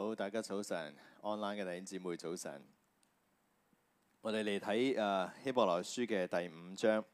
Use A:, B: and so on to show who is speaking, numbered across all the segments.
A: 好，大家早晨，online 嘅弟兄姊妹早晨。我哋嚟睇誒希伯來書嘅第五章。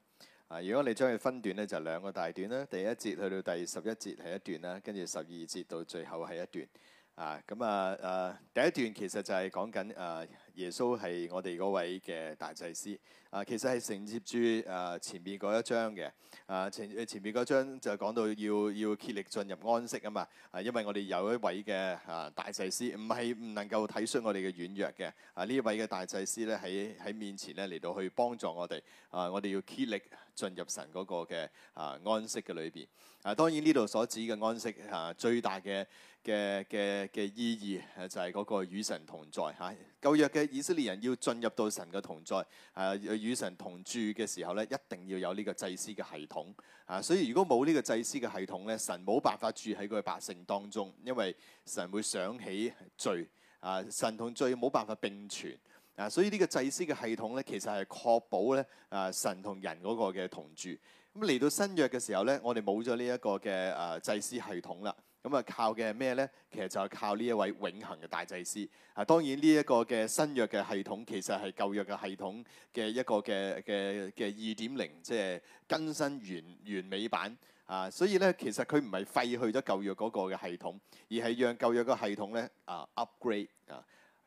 A: 啊，如果你將佢分段呢就兩個大段啦。第一節去到第十一節係一段啦，跟住十二節到最後係一段。啊，咁啊，誒第一段其實就係講緊誒耶穌係我哋嗰位嘅大祭司啊，其實係承接住誒前面嗰一章嘅啊，前誒、啊、前邊嗰章就講到要要竭力進入安息啊嘛啊，因為我哋有一位嘅啊大祭司唔係唔能夠體恤我哋嘅軟弱嘅啊，呢一位嘅大祭司咧喺喺面前咧，嚟到去幫助我哋啊，我哋要竭力進入神嗰個嘅啊安息嘅裏邊啊，當然呢度所指嘅安息啊最大嘅。嘅嘅嘅意義就係、是、嗰個與神同在嚇舊、啊、約嘅以色列人要進入到神嘅同在啊，與神同住嘅時候咧，一定要有呢個祭司嘅系統啊！所以如果冇呢個祭司嘅系統咧，神冇辦法住喺佢嘅百姓當中，因為神會想起罪啊，神同罪冇辦法並存啊！所以呢個祭司嘅系統咧，其實係確保咧啊神同人嗰個嘅同住咁嚟、啊、到新約嘅時候咧，我哋冇咗呢一個嘅啊祭司系統啦。咁啊，靠嘅咩呢？其實就係靠呢一位永恆嘅大祭司啊！當然呢一個嘅新約嘅系統，其實係舊約嘅系統嘅一個嘅嘅嘅二點零，0, 即係更新完完美版啊！所以呢，其實佢唔係廢去咗舊約嗰個嘅系統，而係讓舊約嘅系統呢啊 upgrade 啊！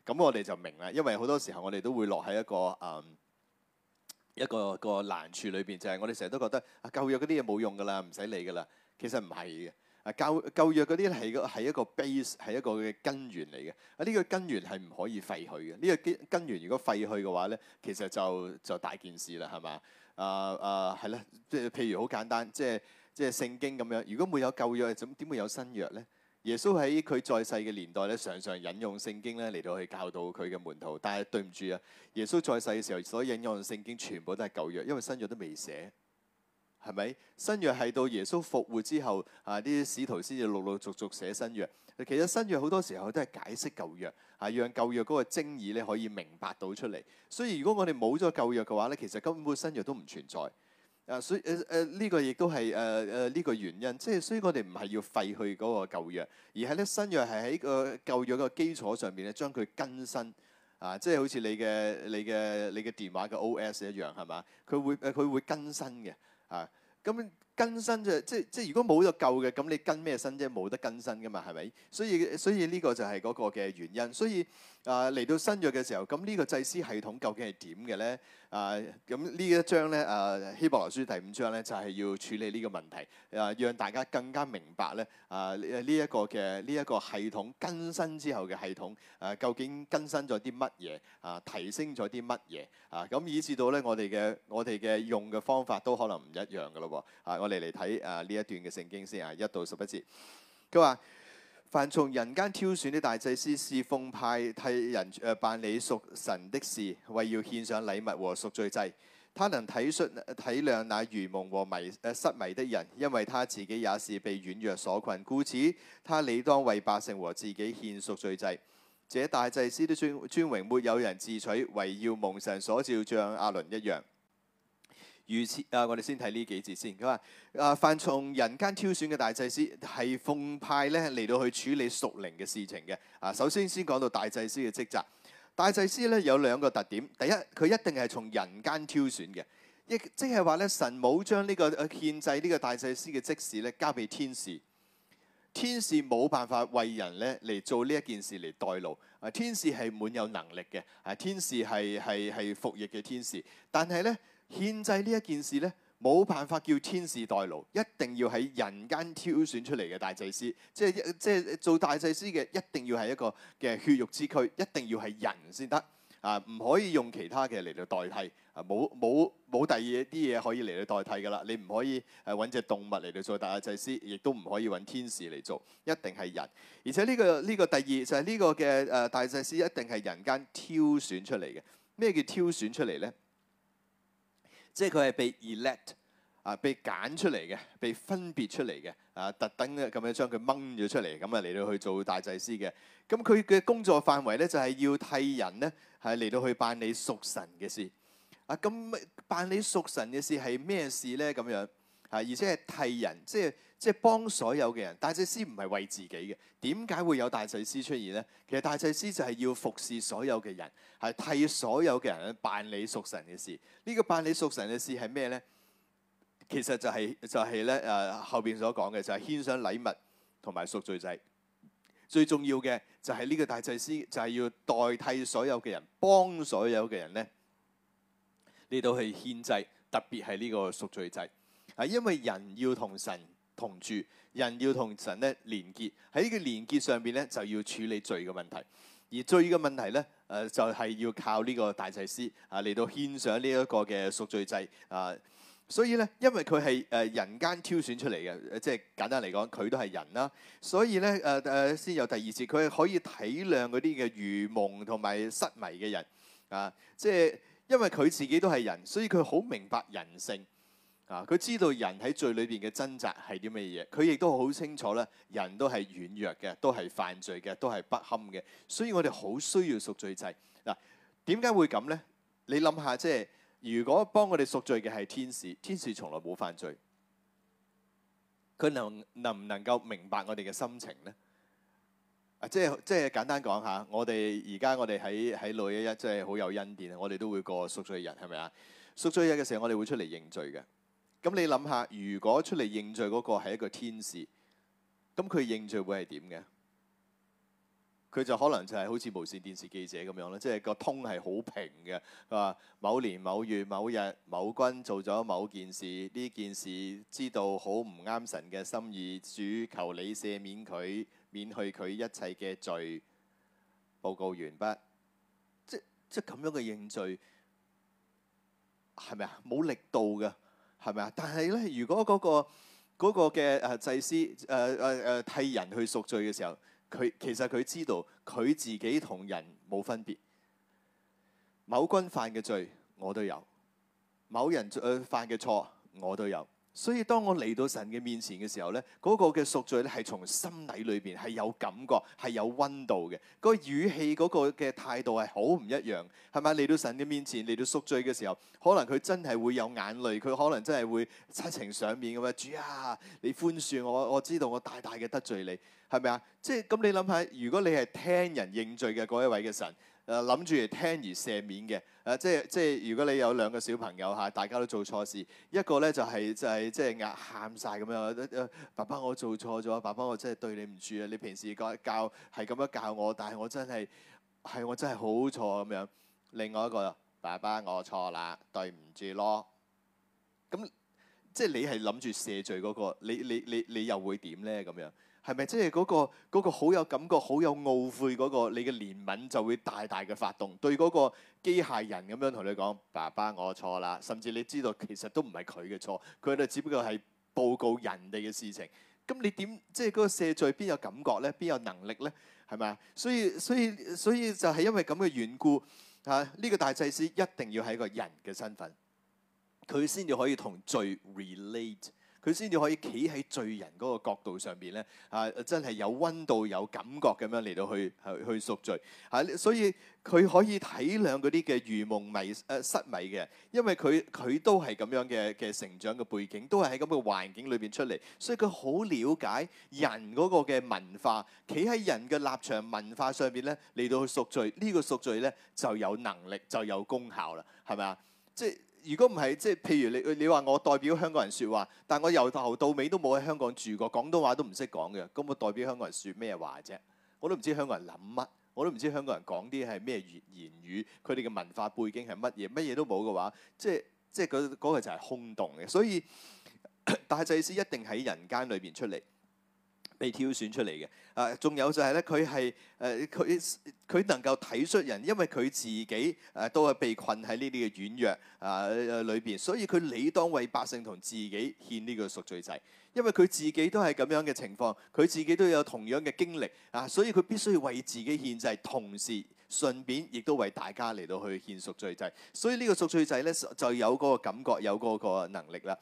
A: 咁、啊、我哋就明啦，因為好多時候我哋都會落喺一個啊一個一個難處裏邊，就係、是、我哋成日都覺得啊舊約嗰啲嘢冇用噶啦，唔使理噶啦，其實唔係嘅。教舊約嗰啲係個係一個 basis 係一個嘅根源嚟嘅，啊呢個根源係唔可以廢去嘅。呢個根根源如果廢去嘅話咧，其實就就大件事啦，係嘛？啊啊係啦，即係譬如好簡單，即係即係聖經咁樣。如果沒有舊約，怎點會有新約咧？耶穌喺佢在世嘅年代咧，常常引用聖經咧嚟到去教導佢嘅門徒。但係對唔住啊，耶穌在世嘅時候所以引用聖經全部都係舊約，因為新約都未寫。係咪新約係到耶穌復活之後啊？啲使徒先至陸陸續續寫新約。其實新約好多時候都係解釋舊約啊，讓舊約嗰個精義咧可以明白到出嚟。所以如果我哋冇咗舊約嘅話咧，其實根本新約都唔存在啊。所以誒誒呢個亦都係誒誒呢個原因，即係所以我哋唔係要廢去嗰個舊約，而係咧新約係喺個舊約嘅基礎上面咧將佢更新啊。即係好似你嘅你嘅你嘅電話嘅 O.S. 一樣，係嘛？佢會佢會更新嘅。啊，咁更新就係、即即如果冇咗舊嘅，咁你跟咩新啫？冇得更新噶嘛，係咪？所以所以呢個就係嗰個嘅原因。所以。啊，嚟到新約嘅時候，咁呢個祭司系統究竟係點嘅咧？啊，咁呢一章咧，啊希伯來書第五章咧，就係要處理呢個問題，啊，讓大家更加明白咧，啊呢一個嘅呢一個系統更新之後嘅系統，啊，究竟更新咗啲乜嘢？啊，提升咗啲乜嘢？啊，咁以至到咧，我哋嘅我哋嘅用嘅方法都可能唔一樣嘅咯喎。啊，我哋嚟睇啊呢一段嘅聖經先啊，一到十一節，佢話。凡從人間挑選的大祭司，是奉派替人誒辦理屬神的事，為要獻上禮物和贖罪祭。他能體恤體諒那愚蒙和迷誒、呃、失迷的人，因為他自己也是被軟弱所困，故此他理當為百姓和自己獻贖罪祭。這大祭司的尊尊榮，沒有人自取，為要蒙神所召，像亞倫一樣。預設啊！我哋先睇呢幾節先。佢話：啊，凡從人間挑選嘅大祭司，係奉派咧嚟到去處理屬靈嘅事情嘅。啊，首先先講到大祭司嘅職責。大祭司咧有兩個特點，第一，佢一定係從人間挑選嘅，亦即係話咧神冇將呢、呢個獻祭、呢個大祭司嘅職事咧交俾天使，天使冇辦法為人咧嚟做呢一件事嚟代勞。啊，天使係滿有能力嘅，啊，天使係係係服役嘅天使，但係咧。獻祭呢一件事咧，冇辦法叫天使代勞，一定要喺人間挑選出嚟嘅大祭司，即係即係做大祭司嘅，一定要係一個嘅血肉之軀，一定要係人先得啊！唔可以用其他嘅嚟嚟代替啊！冇冇冇第二啲嘢可以嚟嚟代替噶啦！你唔可以誒揾隻動物嚟嚟做大祭司，亦都唔可以揾天使嚟做，一定係人。而且呢個呢個第二就係呢個嘅誒大祭司一定係人間挑選出嚟嘅。咩叫挑選出嚟咧？即係佢係被 elect 啊，被揀出嚟嘅，被分別出嚟嘅，啊，特登咁樣將佢掹咗出嚟，咁啊嚟到去做大祭司嘅。咁佢嘅工作範圍咧就係、是、要替人咧係嚟到去辦理屬神嘅事。啊，咁辦理屬神嘅事係咩事咧？咁樣啊，而且係替人，即係。即係幫所有嘅人，大祭司唔係為自己嘅。點解會有大祭司出現呢？其實大祭司就係要服侍所有嘅人，係替所有嘅人去辦理屬神嘅事。呢個辦理屬神嘅事係咩呢？其實就係就係咧誒後邊所講嘅，就係獻上禮物同埋贖罪祭。最重要嘅就係呢個大祭司就係要代替所有嘅人，幫所有嘅人呢。呢度去獻祭，特別係呢個贖罪祭，係因為人要同神。同住人要同神咧連結，喺呢個連結上邊咧，就要處理罪嘅問題。而罪嘅問題咧，誒、呃、就係、是、要靠呢個大祭司啊嚟到獻上呢一個嘅贖罪祭啊。所以咧，因為佢係誒人間挑選出嚟嘅，即係簡單嚟講，佢都係人啦。所以咧，誒、呃、誒先有第二節，佢係可以體諒嗰啲嘅愚蒙同埋失迷嘅人啊。即係因為佢自己都係人，所以佢好明白人性。啊！佢知道人喺罪裏邊嘅掙扎係啲咩嘢？佢亦都好清楚咧。人都係軟弱嘅，都係犯罪嘅，都係不堪嘅，所以我哋好需要贖罪祭。嗱、啊。點解會咁呢？你諗下，即係如果幫我哋贖罪嘅係天使，天使從來冇犯罪，佢能能唔能夠明白我哋嘅心情呢？啊、即係即係簡單講下，我哋而家我哋喺喺六一一，即係好有恩典，我哋都會過贖罪日，係咪啊？贖罪日嘅時候，我哋會出嚟認罪嘅。咁你諗下，如果出嚟認罪嗰個係一個天使，咁佢認罪會係點嘅？佢就可能就係好似無線電視記者咁樣咯，即係個通係好平嘅。佢話，某年某月某日某君做咗某件事，呢件事知道好唔啱神嘅心意，主求你赦免佢，免去佢一切嘅罪。報告完畢。即即咁樣嘅認罪係咪啊？冇力度嘅。係咪啊？但係咧，如果嗰個、嗰個嘅誒、嗰個、祭司誒誒誒替人去贖罪嘅時候，佢其實佢知道佢自己同人冇分別。某君犯嘅罪我都有，某人犯嘅錯我都有。所以當我嚟到神嘅面前嘅時候呢，嗰個嘅贖罪咧，係從心裏裏邊係有感覺係有溫度嘅，嗰個語氣嗰個嘅態度係好唔一樣，係咪？嚟到神嘅面前嚟到贖罪嘅時候，可能佢真係會有眼淚，佢可能真係會七情上面咁樣，主啊，你寬恕我，我知道我大大嘅得罪你，係咪啊？即係咁你諗下，如果你係聽人認罪嘅嗰一位嘅神。誒諗住聽而赦免嘅誒，即係即係如果你有兩個小朋友嚇、啊，大家都做錯事，一個咧就係、係、就係即係嗌喊晒咁樣，爸爸我做錯咗，爸爸我真係對你唔住啊！你平時教教係咁樣教我，但係我真係係我真係好錯咁樣。另外一個爸爸我錯啦，對唔住咯。咁即係你係諗住赦罪嗰、嗰個，你你你你又會點咧咁樣？係咪即係嗰個嗰個好有感覺、好有懊悔嗰個？你嘅憐憫就會大大嘅發動對嗰個機械人咁樣同你講：爸爸，我錯啦。甚至你知道其實都唔係佢嘅錯，佢咧只不過係報告人哋嘅事情。咁你點即係嗰個赦罪邊有感覺呢？邊有能力呢？係咪？所以所以所以就係因為咁嘅緣故嚇，呢個大祭司一定要係一個人嘅身份，佢先至可以同罪 relate。佢先至可以企喺罪人嗰個角度上邊咧，啊，真係有溫度、有感覺咁樣嚟到去去贖罪。吓、啊，所以佢可以體諒嗰啲嘅愚蒙迷誒、啊、失迷嘅，因為佢佢都係咁樣嘅嘅成長嘅背景，都係喺咁嘅環境裏邊出嚟，所以佢好了解人嗰個嘅文化，企喺、嗯、人嘅立場文化上邊咧，嚟到去贖罪，這個罪，呢個贖罪咧就有能力就有功效啦，係咪啊？即係。如果唔係，即係譬如你，你話我代表香港人說話，但我由頭到尾都冇喺香港住過，廣東話都唔識講嘅，咁我代表香港人説咩話啫？我都唔知香港人諗乜，我都唔知香港人講啲係咩言言語，佢哋嘅文化背景係乜嘢，乜嘢都冇嘅話，即係即係嗰、嗰個就係空洞嘅。所以，大祭司一定喺人間裏邊出嚟。被挑選出嚟嘅，啊，仲有就係咧，佢係誒佢佢能夠體恤人，因為佢自己誒都係被困喺呢啲嘅軟弱啊誒裏邊，所以佢理當為百姓同自己獻呢個贖罪祭，因為佢自己都係咁樣嘅情況，佢自己都有同樣嘅經歷啊，所以佢必須要為自己獻祭，同時順便亦都為大家嚟到去獻贖罪祭，所以呢個贖罪祭咧就有嗰個感覺，有嗰個能力啦。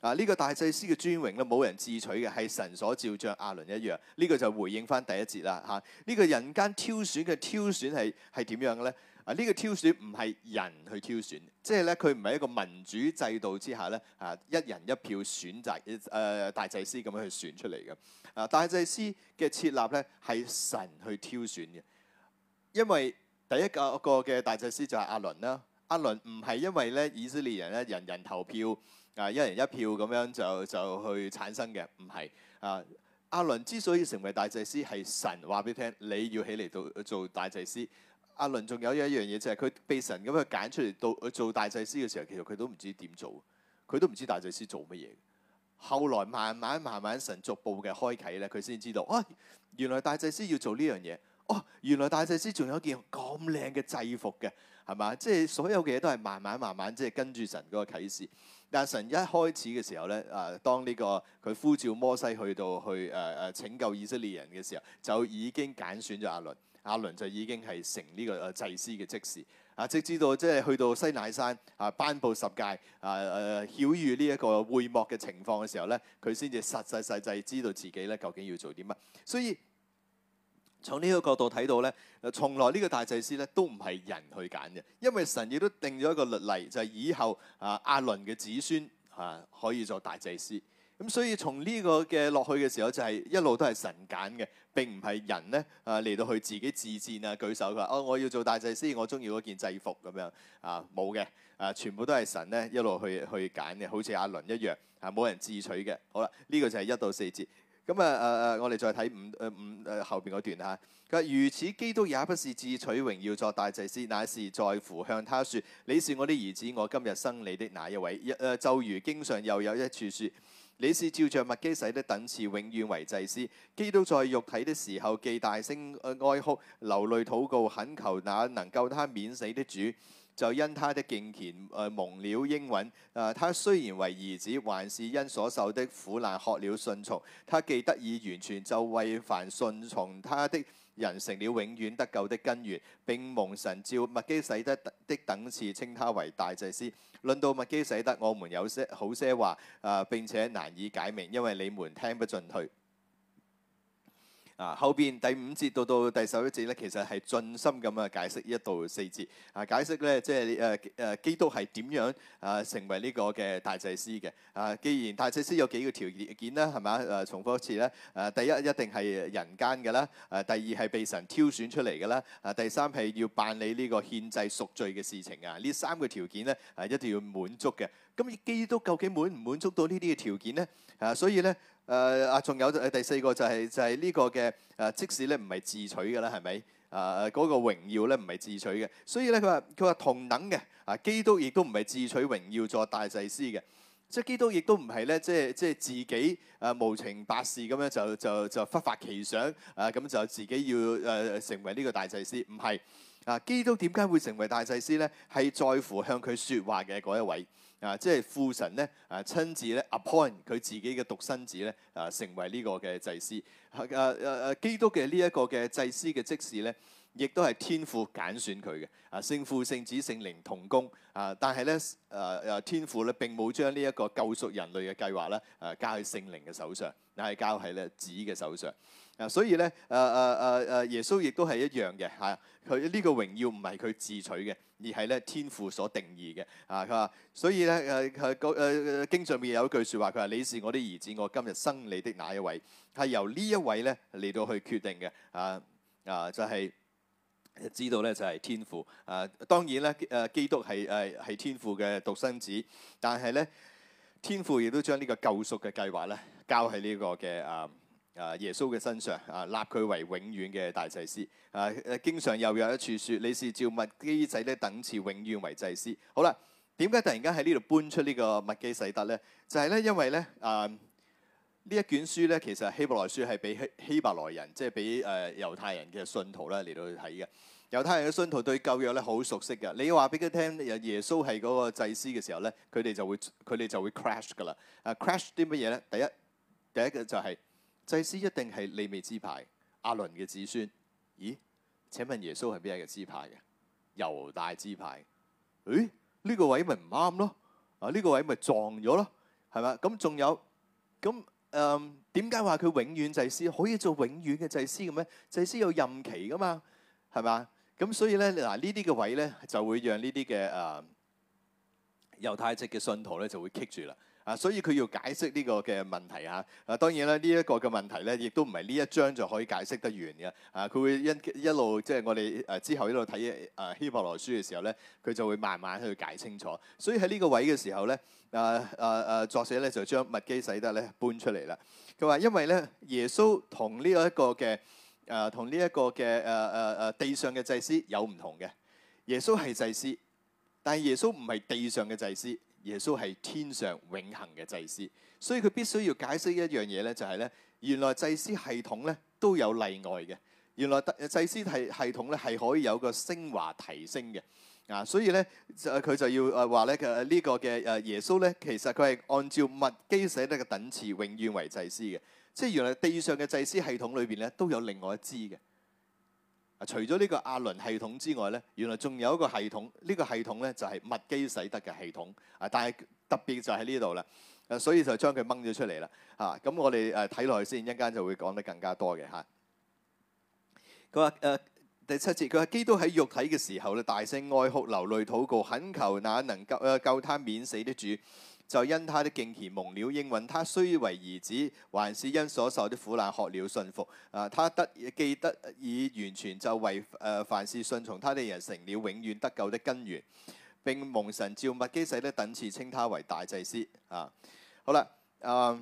A: 啊！呢、這個大祭司嘅尊榮咧，冇人自取嘅，係神所召像亞倫一樣。呢、這個就回應返第一節啦。嚇，呢個人間挑選嘅挑選係係點樣嘅咧？啊，這個、呢啊、這個挑選唔係人去挑選，即係咧佢唔係一個民主制度之下咧啊，一人一票選擇誒、呃、大祭司咁樣去選出嚟嘅啊。大祭司嘅設立咧係神去挑選嘅，因為第一個個嘅大祭司就係亞倫啦、啊。亞倫唔係因為咧以色列人咧人，人人投票。啊！一人一票咁樣就就去產生嘅，唔係啊。阿倫之所以成為大祭司，係神話俾你聽，你要起嚟到做大祭司。阿倫仲有一樣嘢就係、是、佢被神咁樣揀出嚟到做大祭司嘅時候，其實佢都唔知點做，佢都唔知大祭司做乜嘢。後來慢慢慢慢，神逐步嘅開啟咧，佢先知道，哇、哦！原來大祭司要做呢樣嘢，哦！原來大祭司仲有件咁靚嘅制服嘅，係嘛？即、就、係、是、所有嘅嘢都係慢慢慢慢，即、就、係、是、跟住神嗰個啟示。但神一開始嘅時候咧，誒當呢、這個佢呼召摩西去到去誒誒、呃、拯救以色列人嘅時候，就已經揀選咗亞倫，亞倫就已經係成呢個誒祭司嘅職事。啊，直至到即係去到西奈山啊，頒布十誡啊誒、啊、曉喻呢一個會幕嘅情況嘅時候咧，佢先至實實實際知道自己咧究竟要做啲乜，所以。從呢個角度睇到咧，從來呢個大祭司咧都唔係人去揀嘅，因為神亦都定咗一個律例，就係以後啊亞倫嘅子孫啊可以做大祭司。咁所以從呢個嘅落去嘅時候，就係一路都係神揀嘅，並唔係人咧啊嚟到去自己自薦啊舉手，佢話哦我要做大祭司，我中意嗰件制服咁樣啊，冇嘅啊，全部都係神咧一路去去揀嘅，好似亞倫一樣啊，冇人自取嘅。好啦，呢個就係一到四節。咁啊，誒誒、嗯呃，我哋再睇五誒、呃、五誒、呃、後邊嗰段嚇。佢話：如此基督也不是自取榮耀作大祭司，乃是在乎向他説：你是我的兒子，我今日生你的那一位。誒、呃，就如經上又有一處説：你是照着麥基洗德等次永遠為祭司。基督在肉體的時候，既大聲哀哭、流淚、禱告、懇求那能夠他免死的主。就因他的敬虔，誒蒙了應允。誒他雖然為兒子，還是因所受的苦難學了順從。他既得以完全，就為凡順從他的人成了永遠得救的根源。並蒙神照麥基洗德的等次稱他為大祭司。論到麥基洗德，我們有些好些話，誒、呃、並且難以解明，因為你們聽不進去。啊，後邊第五節到到第十一節咧，其實係盡心咁啊解釋一到四節啊，解釋咧即係誒誒基督係點樣啊成為呢個嘅大祭司嘅啊？既然大祭司有幾個條件咧，係咪？誒、啊、重複一次咧，誒、啊、第一一定係人間嘅啦，誒、啊、第二係被神挑選出嚟嘅啦，誒、啊、第三係要辦理呢個獻祭贖罪嘅事情啊，呢三個條件咧誒、啊、一定要滿足嘅。咁基督究竟滿唔滿足到呢啲嘅條件咧？啊，所以咧。誒啊！仲、呃、有誒第四個就係、是、就係、是、呢個嘅誒、呃，即使咧唔係自取嘅啦，係咪？誒、呃、嗰、那個榮耀咧唔係自取嘅，所以咧佢話佢話同等嘅啊，基督亦都唔係自取榮耀作大祭司嘅，即係基督亦都唔係咧，即係即係自己誒、呃、無情百事咁樣就就就，就，就忽發奇想啊咁就自己要誒、呃、成為呢個大祭司，唔係啊。基督點解會成為大祭司咧？係在乎向佢說話嘅嗰一位。啊，即係父神咧，啊親自咧 appoint 佢自己嘅獨生子咧，啊成為呢個嘅祭司。誒誒誒，基督嘅呢一個嘅祭司嘅職事咧，亦都係天父揀選佢嘅。啊，聖父、聖子、聖靈同工。啊，但係咧，誒、啊、誒天父咧並冇將呢一個救贖人類嘅計劃咧，誒交去聖靈嘅手上，乃係交喺咧子嘅手上。啊，所以咧，誒誒誒誒，耶穌亦都係一樣嘅，嚇佢呢個榮耀唔係佢自取嘅，而係咧天父所定義嘅。啊，佢、啊、話，所以咧誒誒個誒經上面有一句説話，佢話你是我的兒子，我今日生你的那一位，係由呢一位咧嚟到去決定嘅。啊啊，就係、是、知道咧就係天父。啊，當然咧誒基督係誒係天父嘅獨生子，但係咧天父亦都將呢個救贖嘅計劃咧交喺呢個嘅啊。啊！耶穌嘅身上啊，立佢為永遠嘅大祭司，啊！誒，經常又有一處説你是照物基仔咧等次永遠為祭司。好，好啦，點解突然間喺呢度搬出個呢個物基洗德咧？就係、是、咧，因為咧啊，呢一卷書咧其實希伯來書係俾希伯來人，即係俾誒猶太人嘅信徒咧嚟到去睇嘅。猶太人嘅信徒對舊約咧好熟悉嘅，你話俾佢聽，耶穌係嗰個祭師嘅時候咧，佢哋就會佢哋就會 crash 噶啦啊！crash 啲乜嘢咧？第一第一嘅就係、是。祭司一定係利未支派，阿倫嘅子孫，咦？請問耶穌係邊一個支派嘅？猶大支派？誒呢、呢個位咪唔啱咯？啊、這、呢個位咪撞咗咯？係咪？咁仲有咁誒？點解話佢永遠祭司可以做永遠嘅祭司咁咩？祭司有任期噶嘛？係咪？咁所以咧嗱呢啲嘅位咧就會讓呢啲嘅誒猶太籍嘅信徒咧就會棘住啦。啊，所以佢要解釋呢個嘅問題嚇。啊，當然咧，呢、這、一個嘅問題咧，亦都唔係呢一章就可以解釋得完嘅。啊，佢會一一路即係、就是、我哋誒、啊、之後一路睇誒希伯來書嘅時候咧，佢就會慢慢去解清楚。所以喺呢個位嘅時候咧，誒誒誒，作者咧就將麥基洗德咧搬出嚟啦。佢話因為咧，耶穌同呢一個嘅誒，同呢一個嘅誒誒誒地上嘅祭司有唔同嘅。耶穌係祭司，但係耶穌唔係地上嘅祭司。耶穌係天上永恆嘅祭司，所以佢必須要解釋一樣嘢咧，就係咧，原來祭司系統咧都有例外嘅。原來祭祭司係系統咧係可以有個升華提升嘅啊，所以咧佢就要誒話咧嘅呢個嘅誒耶穌咧，其實佢係按照麥基洗德嘅等次，永遠為祭司嘅。即係原來地上嘅祭司系統裏邊咧都有另外一支嘅。除咗呢個亞倫系統之外咧，原來仲有一個系統，呢、這個系統咧就係麥基洗德嘅系統。啊！但係特別就喺呢度啦。啊，所以就將佢掹咗出嚟啦。嚇、啊！咁我哋誒睇落去先，一間就會講得更加多嘅嚇。佢話誒第七節，佢話基督喺肉體嘅時候咧，大聲哀哭流淚，禱告，懇求那能夠誒、呃、救他免死的主。就因他的敬虔蒙了應允，他雖為兒子，還是因所受的苦難學了信服。啊，他得既得以完全就為誒、呃、凡事順從他的人成了永遠得救的根源。並蒙神照麥基洗德的等次稱他為大祭司。啊，好啦，嗯、啊。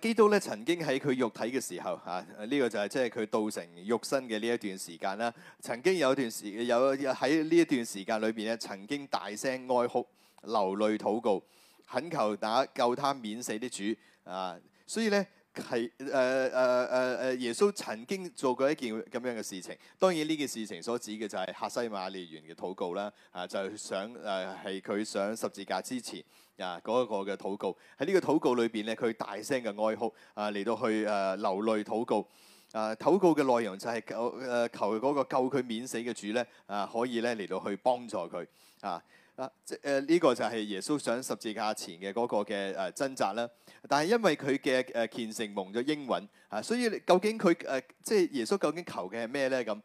A: 基督咧，曾經喺佢肉體嘅時候啊，呢、這個就係即係佢道成肉身嘅呢一段時間啦、啊。曾經有段時有喺呢一段時間裏邊咧，曾經大聲哀哭、流淚、禱告、懇求打救他免死的主啊，所以咧。係誒誒誒誒，耶穌曾經做過一件咁樣嘅事情。當然呢件事情所指嘅就係客西馬尼園嘅禱告啦。啊，就係想誒，係佢上十字架之前啊嗰一、嗰個嘅禱告。喺呢個禱告裏邊咧，佢大聲嘅哀哭啊，嚟到去誒、啊、流淚禱告。求求啊，禱告嘅內容就係求誒求嗰個救佢免死嘅主咧，啊可以咧嚟到去幫助佢啊啊！即係呢個就係耶穌上十字架前嘅嗰個嘅誒掙扎啦。但係因為佢嘅誒虔誠蒙咗應允啊，所以究竟佢誒即係耶穌究竟求嘅係咩咧咁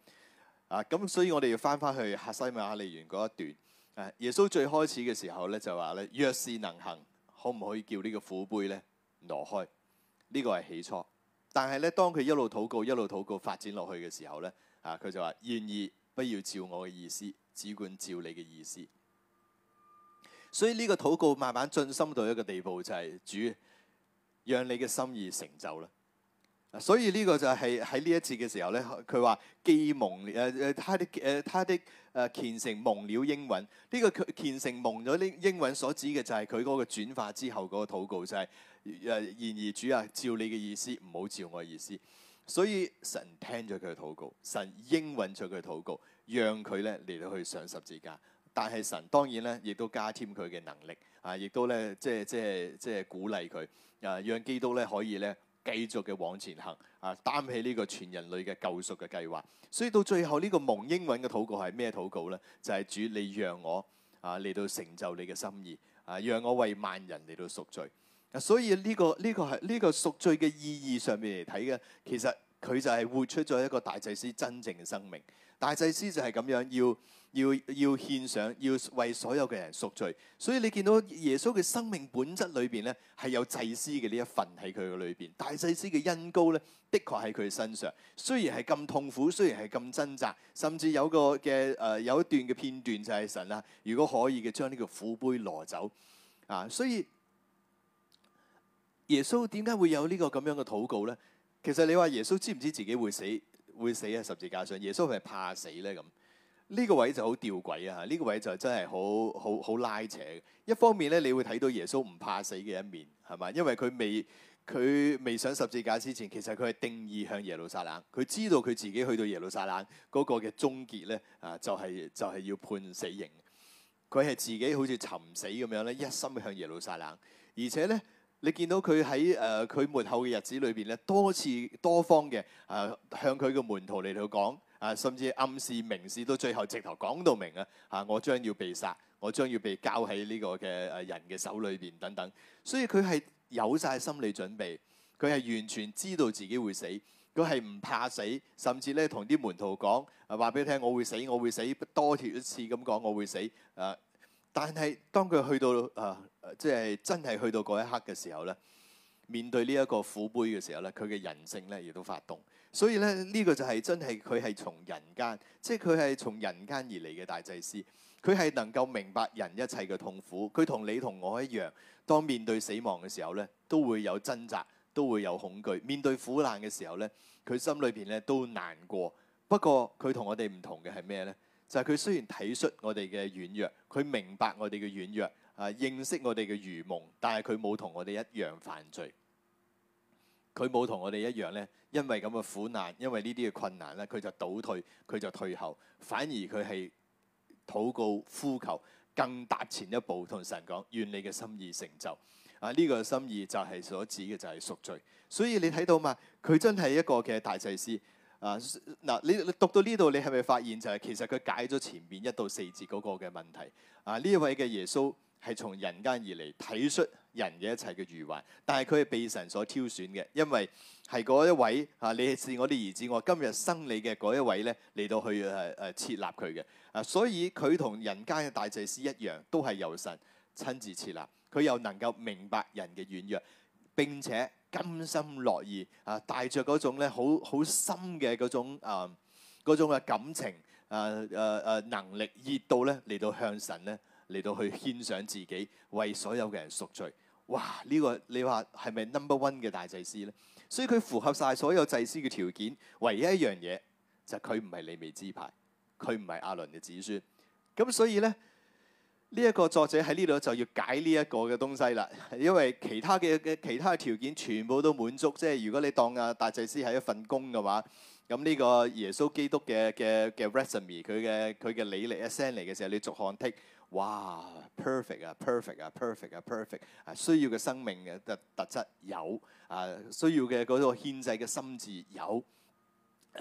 A: 啊？咁所以我哋要翻翻去西馬利園嗰一段啊。耶穌最開始嘅時候咧就話咧，若是能行，可唔可以叫呢個苦杯咧挪開？呢個係起初。但係咧，當佢一路禱告、一路禱告發展落去嘅時候呢，啊，佢就話：願意不要照我嘅意思，只管照你嘅意思。所以呢個禱告慢慢進深到一個地步就是，就係主讓你嘅心意成就啦。所以呢個就係喺呢一節嘅時候咧，佢話既蒙誒誒、呃、他的誒他的誒虔誠蒙了應允。呢、這個虔誠蒙咗呢應允所指嘅就係佢嗰個轉化之後嗰個禱告，就是，就係誒然而主啊，照你嘅意思唔好照我嘅意思。所以神聽咗佢嘅禱告，神應允咗佢嘅禱告，讓佢咧嚟到去上十字架。但係神當然咧，亦都加添佢嘅能力啊，亦都咧即係即係即係鼓勵佢啊，讓基督咧可以咧。繼續嘅往前行，啊擔起呢個全人類嘅救贖嘅計劃，所以到最後呢個蒙應允嘅禱告係咩禱告呢？就係主，你讓我啊嚟到成就你嘅心意，啊讓我為萬人嚟到贖罪。啊，所以呢個呢個係呢個贖罪嘅意義上面嚟睇嘅，其實佢就係活出咗一個大祭司真正嘅生命。大祭司就係咁樣要。要要獻上，要為所有嘅人贖罪，所以你見到耶穌嘅生命本質裏邊咧，係有祭司嘅呢一份喺佢嘅裏邊。大祭司嘅恩膏咧，的確喺佢身上。雖然係咁痛苦，雖然係咁掙扎，甚至有個嘅誒、呃、有一段嘅片段就係神啦、啊。如果可以嘅，將呢個苦杯攞走啊！所以耶穌點解會有、這個、呢個咁樣嘅禱告咧？其實你話耶穌知唔知自己會死？會死喺十字架上？耶穌係怕死咧咁。呢個位就好吊詭啊！呢、呢個位就真係好好好拉扯。一方面呢，你會睇到耶穌唔怕死嘅一面，係嘛？因為佢未佢未上十字架之前，其實佢係定意向耶路撒冷。佢知道佢自己去到耶路撒冷嗰、嗰個嘅終結呢，啊、就係，就係就係要判死刑。佢係自己好似尋死咁樣咧，一心向耶路撒冷。而且呢，你見到佢喺誒佢末後嘅日子裏邊呢，多次多方嘅誒、呃、向佢嘅門徒嚟到講。啊，甚至暗示、明示，到最後直頭講到明啊！啊，我將要被殺，我將要被交喺呢個嘅誒人嘅手裏邊等等。所以佢係有晒心理準備，佢係完全知道自己會死，佢係唔怕死，甚至咧同啲門徒講，話俾你聽，我會死，我會死，多條一次咁講，我會死。誒、啊，但係當佢去到誒，即、啊、係、就是、真係去到嗰一刻嘅時候咧，面對呢一個苦杯嘅時候咧，佢嘅人性咧亦都發動。所以咧，呢個就係真係佢係從人間，即係佢係從人間而嚟嘅大祭司。佢係能夠明白人一切嘅痛苦，佢同你同我一樣，當面對死亡嘅時候咧，都會有掙扎，都會有恐懼，面對苦難嘅時候咧，佢心裏邊咧都難過。不過佢同我哋唔同嘅係咩咧？就係佢雖然體恤我哋嘅軟弱，佢明白我哋嘅軟弱啊，認識我哋嘅愚蒙，但係佢冇同我哋一樣犯罪。佢冇同我哋一樣咧，因為咁嘅苦難，因為呢啲嘅困難咧，佢就倒退，佢就退後，反而佢係禱告呼求，更踏前一步同神講：願你嘅心意成就。啊，呢、呢個心意就係所指嘅就係贖罪。所以你睇到嘛，佢真係一個嘅大祭司。啊，嗱，你讀到呢度，你係咪發現就係、係、其實佢解咗前面一到四節嗰個嘅問題？啊，呢位嘅耶穌。係從人間而嚟，體恤人嘅一切嘅愚幻，但係佢係被神所挑選嘅，因為係嗰一位啊，你係是我啲兒子，我今日生你嘅嗰一位咧嚟到去誒誒設立佢嘅啊，所以佢同人間嘅大祭司一樣，都係由神親自設立，佢又能夠明白人嘅軟弱，並且甘心樂意啊，帶着嗰種咧好好深嘅嗰種啊嗰種嘅感情啊啊啊能力熱度咧嚟到向神咧。嚟到去獻上自己，為所有嘅人贖罪。哇！呢、呢個你話係咪 number one 嘅大祭司咧？所以佢符合晒所有祭司嘅條件，唯一一樣嘢就係佢唔係利未支派，佢唔係亞倫嘅子孫。咁所以咧，呢、呢、一個作者喺呢度就要解呢一個嘅東西啦。因為其他嘅嘅其他嘅條件全部都滿足，即係如果你當阿大祭司係一份工嘅話，咁呢個耶穌基督嘅嘅嘅 resume 佢嘅佢嘅理嚟一聲嚟嘅時候，你逐項剔。哇！perfect 啊，perfect 啊，perfect 啊，perfect 啊。需要嘅生命嘅特特質有啊，需要嘅嗰個獻祭嘅心智有，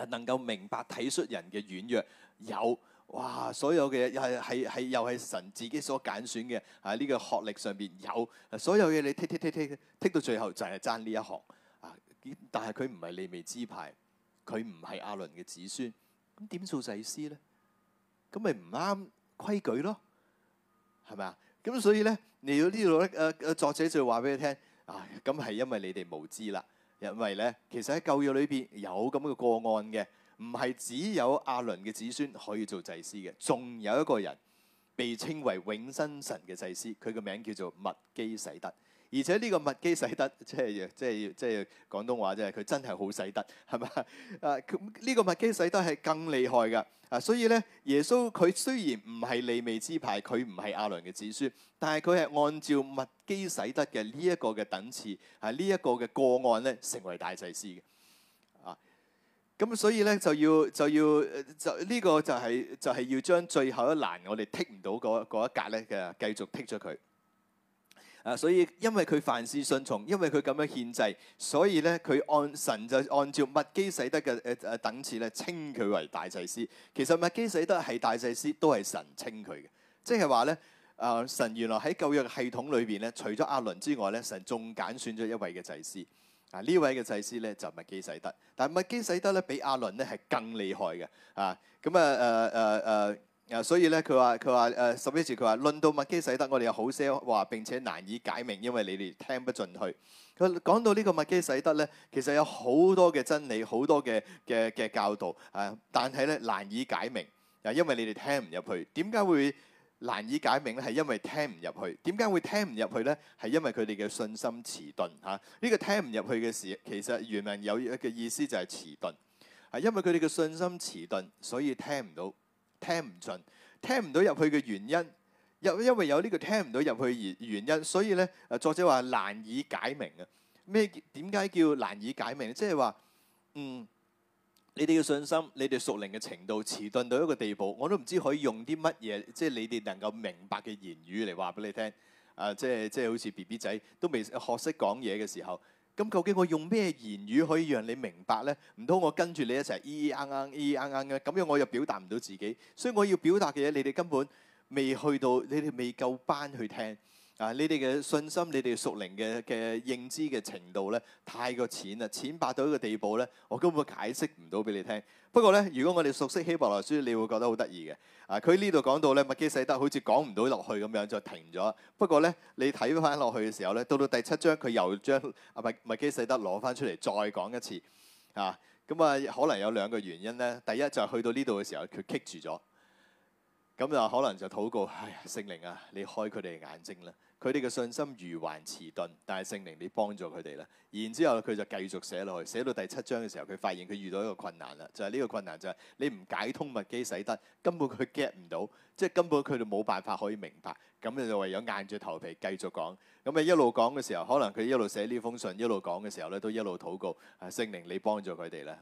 A: 能夠明白體恤人嘅軟弱有。哇！所有嘅又係係又係神自己所揀選嘅，喺呢個學歷上邊有，所有嘢你剔剔剔剔，剔到最後就係爭呢一行啊！但係佢唔係利未支派，佢唔係亞倫嘅子孫，咁點做祭司咧？咁咪唔啱規矩咯？係咪啊？咁所以咧，嚟到呢度咧，誒誒作者就話俾佢聽，啊咁係因為你哋無知啦，因為咧其實喺舊約裏邊有咁嘅個，個案嘅，唔係只有亞倫嘅子孫可以做祭司嘅，仲有一個人被稱為永生神嘅祭司，佢嘅名叫做麥基洗德。而且呢個麥基洗德，即係即係即係廣東話啫，佢真係好使得，係咪？啊呢、這個麥基洗德係更厲害噶啊！所以咧，耶穌佢雖然唔係利未支派，佢唔係亞倫嘅子孫，但係佢係按照麥基洗德嘅呢一個嘅等次，係呢一個嘅個案咧，成為大祭司嘅啊！咁所以咧就要就要就呢、這個就係、是、就係、是、要將最後一欄我哋剔唔到嗰一格咧嘅繼續剔咗佢。啊，所以因為佢凡事順從，因為佢咁樣獻祭，所以咧佢按神就按照麥基洗德嘅誒誒等次咧稱佢為大祭司。其實麥基洗德係大祭司，都係神稱佢嘅，即係話咧，啊、呃、神原來喺舊約系統裏邊咧，除咗阿倫之外咧，神仲揀選咗一位嘅祭司。啊，呢位嘅祭司咧就是麥基洗德，但麥基洗德咧比阿倫咧係更厲害嘅。啊咁啊誒誒誒。啊啊啊，所以咧，佢話佢話誒，十一節，佢話論到麥基洗德，我哋有好些話，並且難以解明，因為你哋聽不進去。佢講到呢個麥基洗德咧，其實有好多嘅真理，好多嘅嘅嘅教導啊，但係咧難以解明啊，因為你哋聽唔入去。點解會難以解明咧？係因為聽唔入去。點解會聽唔入去咧？係因為佢哋嘅信心遲鈍嚇。呢、啊這個聽唔入去嘅事，其實原文有一個意思就係遲鈍，係、啊、因為佢哋嘅信心遲鈍，所以聽唔到。聽唔進，聽唔到入去嘅原因，因因為有呢個聽唔到入去嘅原因，所以咧，作者話難以解明啊！咩點解叫難以解明咧？即係話，嗯，你哋嘅信心，你哋屬靈嘅程度遲鈍到一個地步，我都唔知可以用啲乜嘢，即係你哋能夠明白嘅言語嚟話俾你聽。啊，即係即係好似 B B 仔都未學識講嘢嘅時候。咁究竟我用咩言語可以讓你明白咧？唔通我跟住你一齊咿咿啱啱，咿咿啱啱嘅？咁樣我又表達唔到自己，所以我要表達嘅嘢，你哋根本未去到，你哋未夠班去聽。啊！你哋嘅信心，你哋屬靈嘅嘅認知嘅程度咧，太過淺啦，淺白到一個地步咧，我根本解釋唔到俾你聽。不過咧，如果我哋熟悉希伯來書，你會覺得好得意嘅。啊，佢呢度講到咧，麥基洗德好似講唔到落去咁樣，就停咗。不過咧，你睇翻落去嘅時候咧，到到第七章，佢又將啊麥麥基洗德攞翻出嚟再講一次。啊，咁啊，可能有兩個原因咧。第一就係去到呢度嘅時候，佢棘住咗。咁就可能就禱告，哎呀，聖靈啊，你開佢哋嘅眼睛啦！佢哋嘅信心如幻遲鈍，但係聖靈，你幫助佢哋咧。然之後佢就繼續寫落去，寫到第七章嘅時候，佢發現佢遇到一個困難啦，就係呢個困難就係你唔解通物機，使得根本佢 get 唔到，即係根本佢哋冇辦法可以明白。咁就唯有硬住頭皮繼續講。咁你一路講嘅時候，可能佢一路寫呢封信，一路講嘅時候咧，都一路禱告，啊。聖靈，你幫助佢哋咧。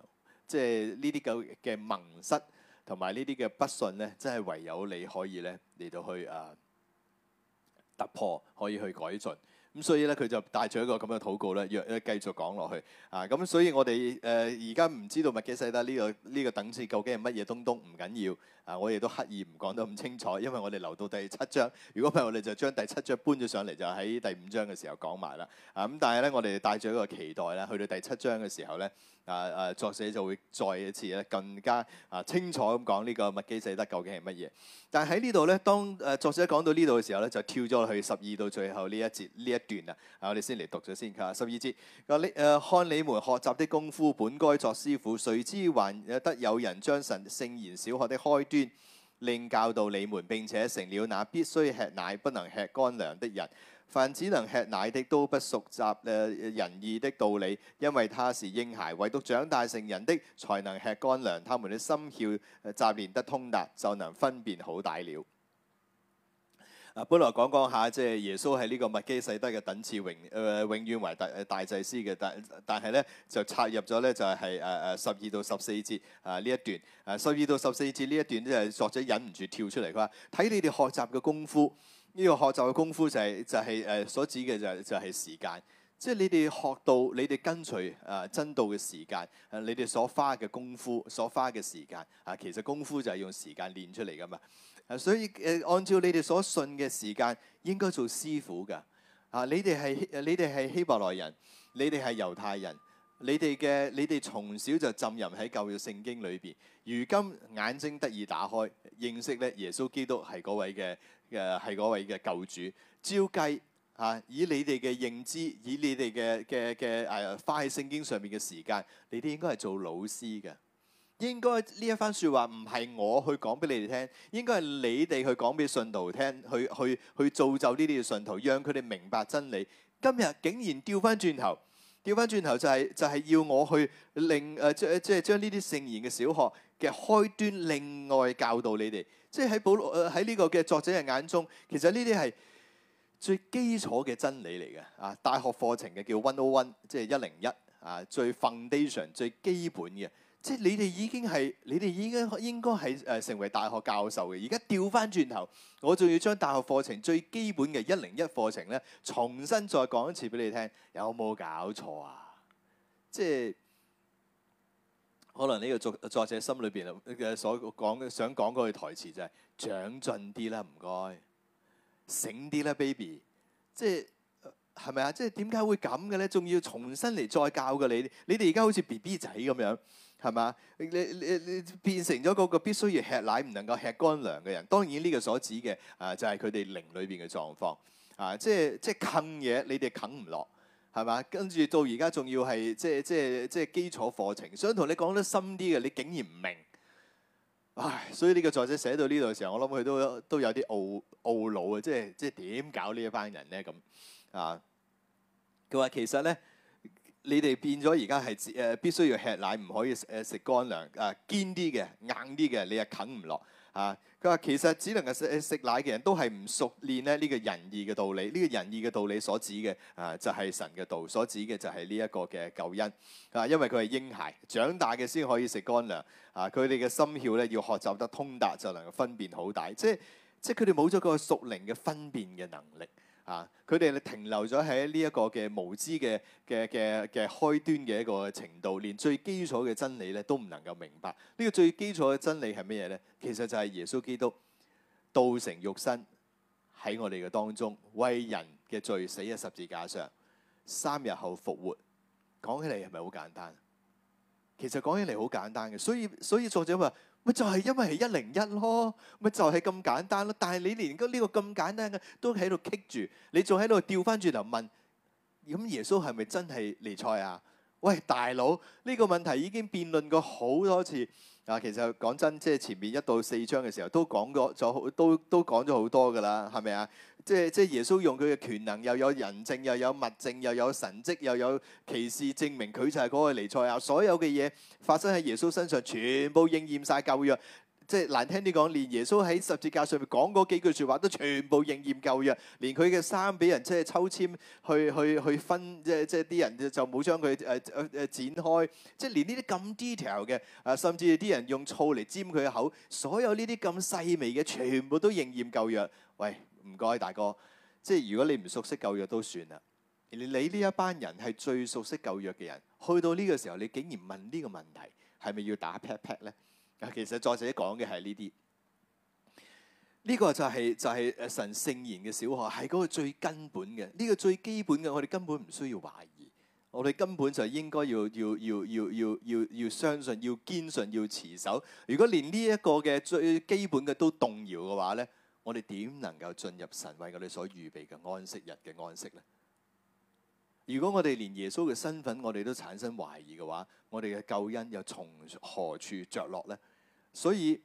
A: 即係呢啲嘅嘅蒙失同埋呢啲嘅不信咧，真係唯有你可以咧嚟到去啊。突破可以去改進，咁所以咧佢就帶咗一個咁嘅禱告咧，約繼續講落去，啊，咁所以我哋誒而家唔知道麥基洗德呢個呢個等次究竟係乜嘢東東，唔緊要。啊！我亦都刻意唔講得咁清楚，因為我哋留到第七章。如果唔係，我哋就將第七章搬咗上嚟，就喺第五章嘅時候講埋啦。啊咁，但係咧，我哋帶住一個期待咧，去到第七章嘅時候咧，啊啊作者就會再一次咧更加啊清楚咁講呢個麥基洗德究竟係乜嘢。但係喺呢度咧，當誒、啊、作者講到呢度嘅時候咧，就跳咗去十二到最後呢一節呢一段啦。啊，我哋先嚟讀咗先、啊、十二節，看你們學習的功夫本該作師傅，誰知還得有人將神聖言小學的開令教導你們，並且成了那必須吃奶不能吃乾糧的人。凡只能吃奶的，都不熟習誒仁義的道理，因為他是嬰孩；唯獨長大成人的，才能吃乾糧。他們的心竅習練得通達，就能分辨好歹了。啊，本來講講下，即係耶穌喺呢個麥基洗德嘅等次永，誒永遠、呃、為大大祭司嘅，但但係咧就插入咗咧就係係誒十二到十四節啊呢一段，誒、啊、十二到十四節呢一段咧、就是、作者忍唔住跳出嚟，佢話睇你哋學習嘅功夫，呢、這個學習嘅功夫就係、是、就係、是、誒、呃、所指嘅就是、就係、是、時間，即、就、係、是、你哋學到你哋跟隨誒、啊、真道嘅時間，誒、啊、你哋所花嘅功夫所花嘅時間啊，其實功夫就係用時間練出嚟噶嘛。所以誒，按照你哋所信嘅時間，應該做師傅噶。啊，你哋係你哋係希伯來人，你哋係猶太人，你哋嘅你哋從小就浸淫喺舊約聖經裏邊，如今眼睛得以打開，認識咧耶穌基督係嗰位嘅誒，係嗰位嘅救主。照計嚇，以你哋嘅認知，以你哋嘅嘅嘅誒花喺聖經上面嘅時間，你哋應該係做老師嘅。應該呢一番説話唔係我去講俾你哋聽，應該係你哋去講俾信徒聽，去去去造就呢啲嘅信徒，讓佢哋明白真理。今日竟然調翻轉頭，調翻轉頭就係就係要我去令誒即即係將呢啲聖言嘅小學嘅開端另外教導你哋，即係喺保喺呢個嘅作者嘅眼中，其實呢啲係最基礎嘅真理嚟嘅啊！大學課程嘅叫 One O One，即係一零一啊，最 foundation 最基本嘅。即係你哋已經係你哋已經應該係誒成為大學教授嘅。而家掉返轉頭，我仲要將大學課程最基本嘅一零一課程咧重新再講一次俾你聽，有冇搞錯啊？即係可能呢個作作者心裏邊嘅所講想講嗰句台詞就係，長進啲啦，唔該，醒啲啦，baby。即係係咪啊？即係點解會咁嘅咧？仲要重新嚟再教過你？你哋而家好似 BB 仔咁樣。係嘛？你你你，你變成咗嗰個，個必須要吃奶，唔能夠吃乾糧嘅人。當然呢個所指嘅，啊，就係佢哋靈裏邊嘅狀況。啊，即係即係啃嘢，你哋啃唔落，係嘛？跟住到而家仲要係即係即係即係基礎課程。想同你講得深啲嘅，你竟然唔明。唉，所以呢個作者寫到呢度嘅時候，我諗佢都都有啲懊懊惱啊！即係即係點搞呢一班人咧咁啊？佢話其實咧。你哋變咗而家係誒必須要吃奶，唔可以誒食乾糧啊，堅啲嘅、硬啲嘅，你呀啃唔落啊？佢話其實只能係食食奶嘅人都係唔熟練咧呢個仁義嘅道理，呢個仁義嘅道理所指嘅啊，就係神嘅道，所指嘅就係呢一個嘅救恩啊，因為佢係嬰孩，長大嘅先可以食乾糧啊。佢哋嘅心竅咧要學習得通達，就能夠分辨好歹，即係即係佢哋冇咗個熟靈嘅分辨嘅能力。啊！佢哋停留咗喺呢一個嘅無知嘅嘅嘅嘅開端嘅一個程度，連最基礎嘅真理咧都唔能夠明白。呢、呢個最基礎嘅真理係乜嘢咧？其實就係耶穌基督道成肉身喺我哋嘅當中，為人嘅罪死喺十字架上，三日後復活。講起嚟係咪好簡單？其實講起嚟好簡單嘅。所以所以作者話。咪就係因為係一零一咯，咪就係、是、咁簡單咯。但係你連咁呢個咁簡單嘅都喺度棘住，你仲喺度調返轉頭問，咁、嗯、耶穌係咪真係尼賽啊？喂，大佬，呢、這個問題已經辯論過好多次。啊，其實講真，即係前面一到四章嘅時候都講咗，好都都講咗好多噶啦，係咪啊？即係即係耶穌用佢嘅權能，又有人證，又有物證，又有神蹟，又有奇事證明佢就係嗰個彌賽亞！所有嘅嘢發生喺耶穌身上，全部應驗晒舊約。即係難聽啲講，連耶穌喺十字架上面講嗰幾句説話都全部應驗舊約，連佢嘅衫俾人即係抽籤去去去分，即係即係啲人就冇將佢誒誒展開，即係連呢啲咁 detail 嘅，啊甚至啲人用醋嚟沾佢嘅口，所有呢啲咁細微嘅全部都應驗舊約。喂，唔該大哥，即係如果你唔熟悉舊約都算啦，連你呢一班人係最熟悉舊約嘅人，去到呢個時候你竟然問呢個問題，係咪要打 pat pat 咧？其實作者講嘅係呢啲，呢、這個就係、是、就係、是、誒神聖言嘅小學，係嗰個最根本嘅，呢、這個最基本嘅，我哋根本唔需要懷疑，我哋根本就應該要要要要要要相信，要堅信，要持守。如果連呢一個嘅最基本嘅都動搖嘅話呢，我哋點能夠進入神為我哋所預備嘅安息日嘅安息呢？如果我哋連耶穌嘅身份，我哋都產生懷疑嘅話，我哋嘅救恩又從何處着落呢？所以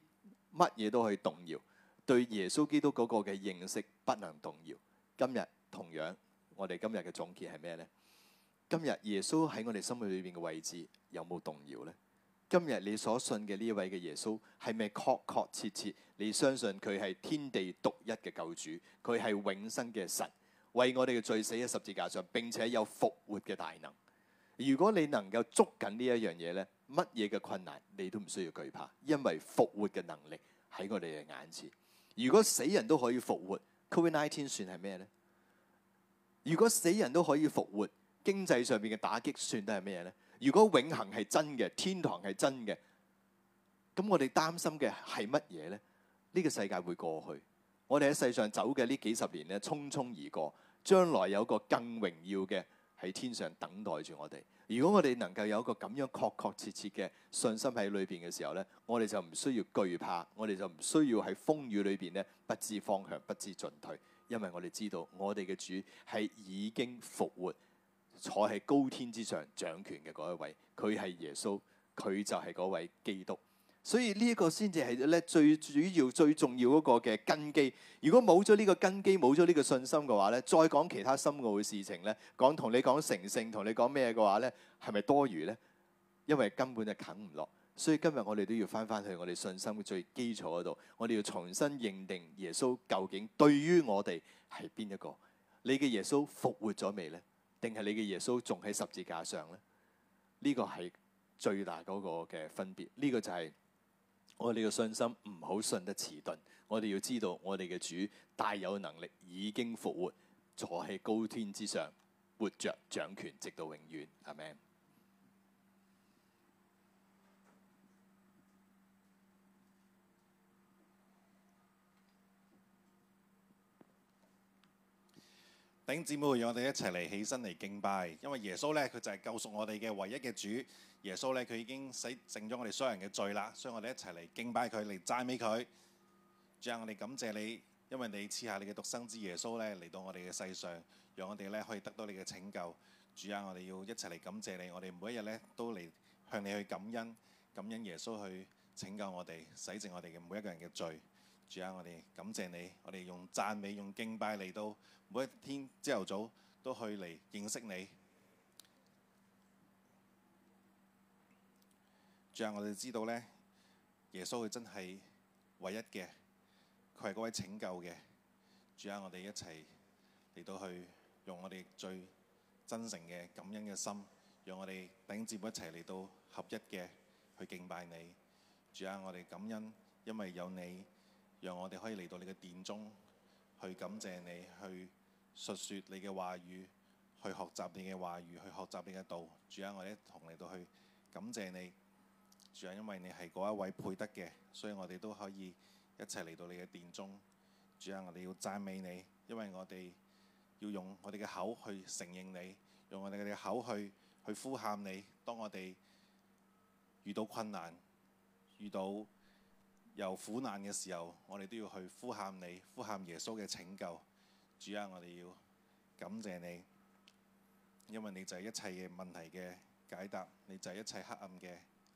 A: 乜嘢都可以動搖，對耶穌基督嗰個嘅認識不能動搖。今日同樣，我哋今日嘅總結係咩咧？今日耶穌喺我哋心裏裏邊嘅位置有冇動搖咧？今日你所信嘅呢一位嘅耶穌係咪確確切切你相信佢係天地獨一嘅救主？佢係永生嘅神，為我哋嘅罪死喺十字架上，並且有復活嘅大能。如果你能夠捉緊呢一樣嘢咧～乜嘢嘅困難，你都唔需要懼怕，因為復活嘅能力喺我哋嘅眼前。如果死人都可以復活，COVID-19 算係咩呢？如果死人都可以復活，經濟上面嘅打擊算得係咩呢？如果永恆係真嘅，天堂係真嘅，咁我哋擔心嘅係乜嘢呢？呢個世界會過去，我哋喺世上走嘅呢幾十年咧，匆匆而過，將來有個更榮耀嘅。喺天上等待住我哋。如果我哋能夠有一個咁樣確確切切嘅信心喺裏邊嘅時候呢，我哋就唔需要懼怕，我哋就唔需要喺風雨裏邊呢不知方向，不知進退。因為我哋知道，我哋嘅主係已經復活，坐喺高天之上掌權嘅嗰一位，佢係耶穌，佢就係嗰位基督。所以呢一個先至係咧最主要、最重要嗰個嘅根基。如果冇咗呢個根基、冇咗呢個信心嘅話咧，再講其他深奧嘅事情咧，講同你講成聖、同你講咩嘅話咧，係咪多餘咧？因為根本就啃唔落。所以今日我哋都要翻翻去我哋信心嘅最基礎嗰度，我哋要重新認定耶穌究竟對於我哋係邊一個？你嘅耶穌復活咗未咧？定係你嘅耶穌仲喺十字架上咧？呢個係最大嗰個嘅分別。呢、呢個就係、是。我哋嘅信心唔好信得遲鈍，我哋要知道，我哋嘅主大有能力，已經復活，坐喺高天之上，活着掌權，直到永遠。阿們，弟
B: 兄姊妹，讓我哋一齊嚟起身嚟敬拜，因為耶穌呢，佢就係救贖我哋嘅唯一嘅主。耶穌呢，佢已經洗淨咗我哋所有人嘅罪啦，所以我哋一齊嚟敬拜佢，嚟讚美佢。主啊，我哋感謝你，因為你賜下你嘅獨生子耶穌呢，嚟到我哋嘅世上，讓我哋呢可以得到你嘅拯救。主啊，我哋要一齊嚟感謝你，我哋每一日呢，都嚟向你去感恩，感恩耶穌去拯救我哋，洗淨我哋嘅每一個人嘅罪。主啊，我哋感謝你，我哋用讚美、用敬拜嚟到每一天朝頭早都去嚟認識你。主啊，我哋知道咧，耶穌佢真係唯一嘅，佢係嗰位拯救嘅主啊！我哋一齊嚟到去用我哋最真誠嘅感恩嘅心，讓我哋頂接一齊嚟到合一嘅去敬拜你。主啊！我哋感恩，因為有你，讓我哋可以嚟到你嘅殿中去感謝你，去述說你嘅話語，去學習你嘅話語，去學習你嘅道。主啊！我哋一同嚟到去感謝你。主啊，因為你係嗰一位配得嘅，所以我哋都可以一齊嚟到你嘅殿中。主啊，我哋要讚美你，因為我哋要用我哋嘅口去承認你，用我哋嘅口去去呼喊你。當我哋遇到困難、遇到有苦難嘅時候，我哋都要去呼喊你、呼喊耶穌嘅拯救。主啊，我哋要感謝你，因為你就係一切嘅問題嘅解答，你就係一切黑暗嘅。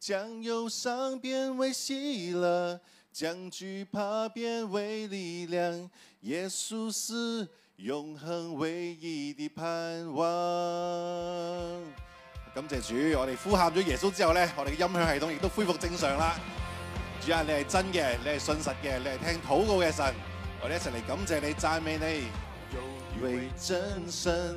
C: 將憂傷變為喜樂，將懼怕變為力量。耶穌是永恒唯一的盼
B: 望。感謝主，我哋呼喊咗耶穌之後呢，我哋嘅音響系統亦都恢復正常啦。主啊，你係真嘅，你係信實嘅，你係聽禱告嘅神。我哋一齊嚟感謝你，讚美你。有你為真神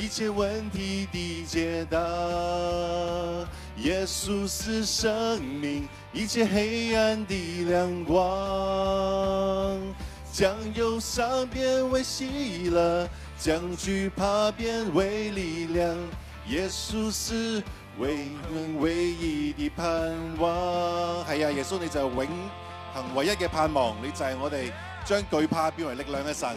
C: 一切問題的解答，耶穌是生命，一切黑暗的亮光，將憂傷變為喜樂，將懼怕變為力量。耶
B: 穌是唯一唯一，啊。耶穌是唯一唯一的盼望。係啊，耶穌你就係永恆唯一嘅盼望，你就係我哋將懼怕變為力量嘅神。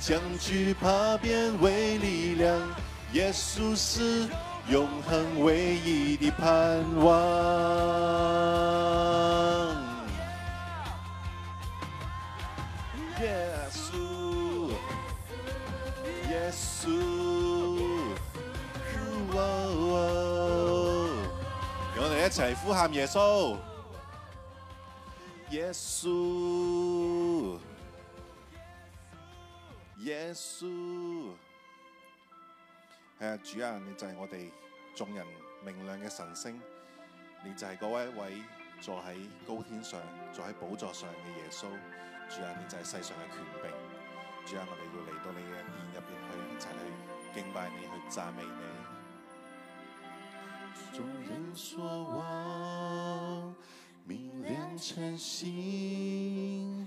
C: 將懼怕變為力量，耶穌是永恆唯一的盼望。耶穌，耶穌，我們一起呼喊耶穌，
B: 耶穌。耶穌，係啊，主啊，你就係我哋眾人明亮嘅神星，你就係嗰一位坐喺高天上、坐喺寶座上嘅耶穌，主啊，你就係、啊、世上嘅權柄，主啊，我哋要嚟到你嘅面入邊去，一、就、齊、是、去敬拜你，去讚美你。
C: 眾人所望，明亮晨星。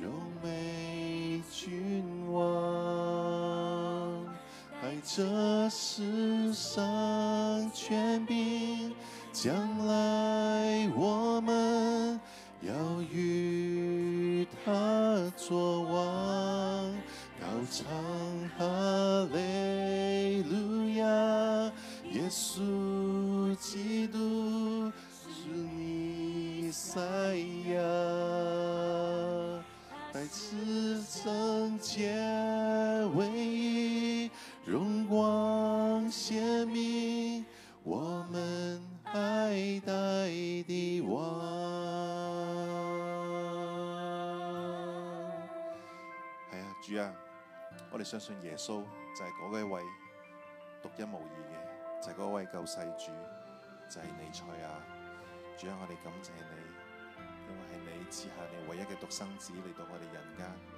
C: 柔美君王，愛這世上全兵，將來我們要與他做王，要唱哈利路亞，耶穌基督是你在。能結唯一，榮光顯明，我們愛戴的王。係啊,、
B: 就是就是、啊，主啊，我哋相信耶穌就係嗰一位獨一無二嘅，就係嗰位救世主，就係彌賽亞啊！主啊，我哋感謝你，因為係你賜下，你唯一嘅獨生子嚟到我哋人間。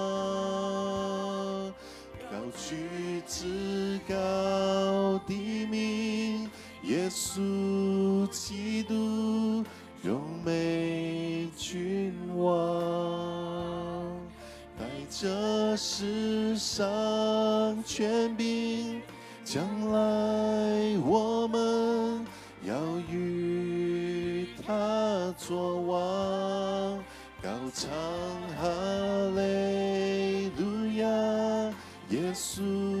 C: 至高的名，耶穌基督榮美君王，帶着世上權柄，將來我們要與他作王，高唱哈利路亞，耶穌。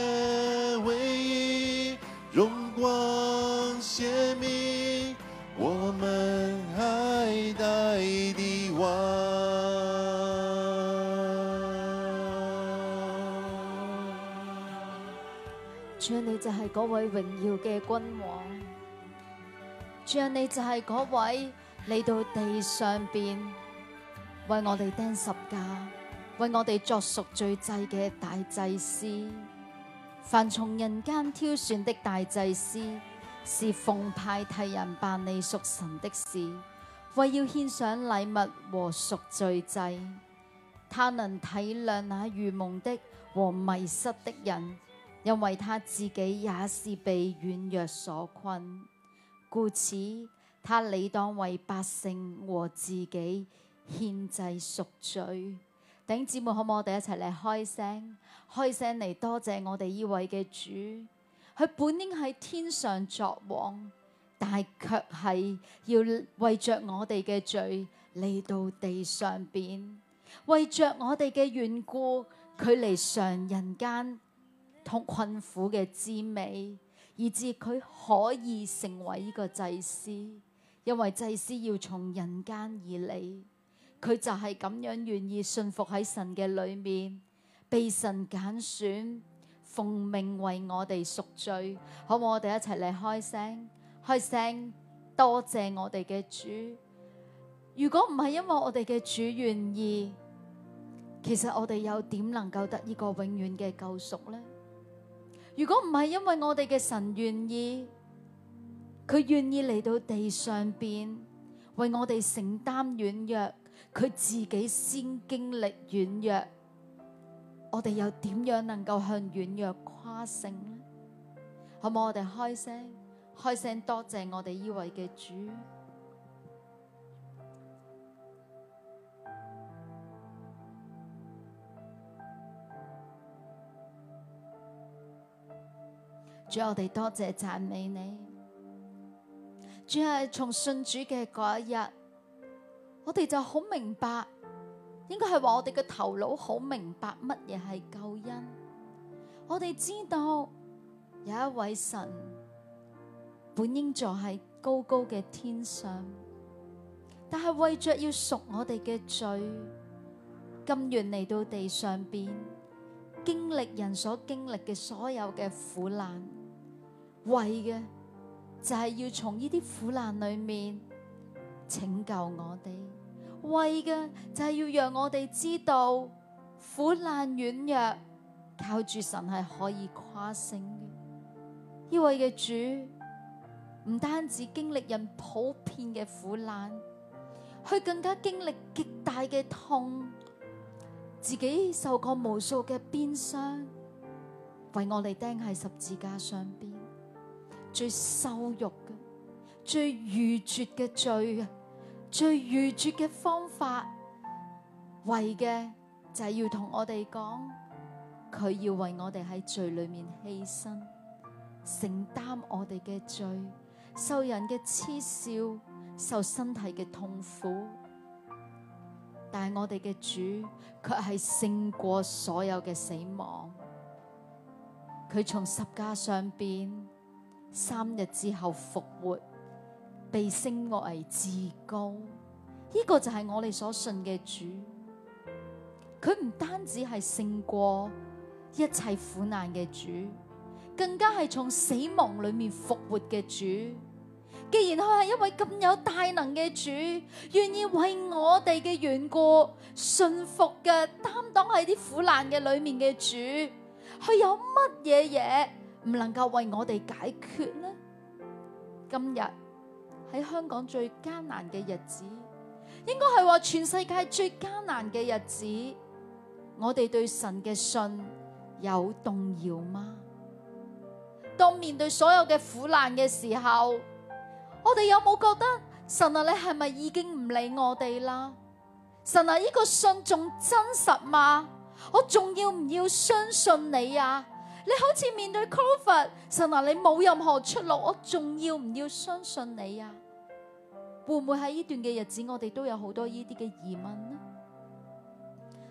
D: 就係嗰位榮耀嘅君王，像你就係嗰位嚟到地上邊，為我哋釘十架、為我哋作贖罪祭嘅大祭司。凡從人間挑選的大祭司，是奉派替人辦理屬神的事，為要獻上禮物和贖罪祭。他能體諒那愚蒙的和迷失的人。因為他自己也是被軟弱所困，故此他理當為百姓和自己獻祭贖罪。弟兄姊妹可唔可以我哋一齊嚟開聲？開聲嚟多謝我哋呢位嘅主。佢本應喺天上作王，但係卻係要為着我哋嘅罪嚟到地上邊，為着我哋嘅緣故，佢嚟上人間。同困苦嘅滋味，以至佢可以成為呢個祭司，因為祭司要從人間而嚟，佢就係咁樣願意信服喺神嘅裏面，被神揀選，奉命為我哋贖罪。好唔好？我哋一齊嚟開聲，開聲，多謝我哋嘅主。如果唔係因為我哋嘅主願意，其實我哋又點能夠得呢個永遠嘅救贖呢？如果唔係因為我哋嘅神願意，佢願意嚟到地上邊為我哋承擔軟弱，佢自己先經歷軟弱，我哋又點樣能夠向軟弱跨勝呢？好冇？我哋開聲，開聲多謝我哋依位嘅主。主，我哋多謝讚美你。主係從信主嘅嗰一日，我哋就好明白，應該係話我哋嘅頭腦好明白乜嘢係救恩。我哋知道有一位神，本應坐喺高高嘅天上，但係為着要贖我哋嘅罪，甘願嚟到地上邊，經歷人所經歷嘅所有嘅苦難。為嘅就係、是、要從呢啲苦難裏面拯救我哋，為嘅就係、是、要讓我哋知道苦難軟弱靠住神係可以誇勝嘅。呢位嘅主唔單止經歷人普遍嘅苦難，佢更加經歷極大嘅痛，自己受過無數嘅鞭傷，為我哋釘喺十字架上邊。最羞辱嘅、最愚拙嘅罪，最愚拙嘅方法，為嘅就係要同我哋講，佢要為我哋喺罪裏面犧牲，承擔我哋嘅罪，受人嘅恥笑，受身體嘅痛苦，但係我哋嘅主卻係勝過所有嘅死亡，佢從十架上邊。三日之後復活，被升為至高，呢個就係我哋所信嘅主。佢唔單止係勝過一切苦難嘅主，更加係從死亡裏面復活嘅主。既然佢係一位咁有大能嘅主，願意為我哋嘅緣故信服嘅擔當喺啲苦難嘅裏面嘅主，佢有乜嘢嘢？唔能夠為我哋解決呢？今日喺香港最艱難嘅日子，應該係話全世界最艱難嘅日子，我哋對神嘅信有動搖嗎？當面對所有嘅苦難嘅時候，我哋有冇覺得神啊？你係咪已經唔理我哋啦？神啊！呢個信仲真實嗎？我仲要唔要相信你啊？你好似面對 COVID 神啊，你冇任何出路，我仲要唔要相信你啊？會唔會喺呢段嘅日子，我哋都有好多呢啲嘅疑問呢？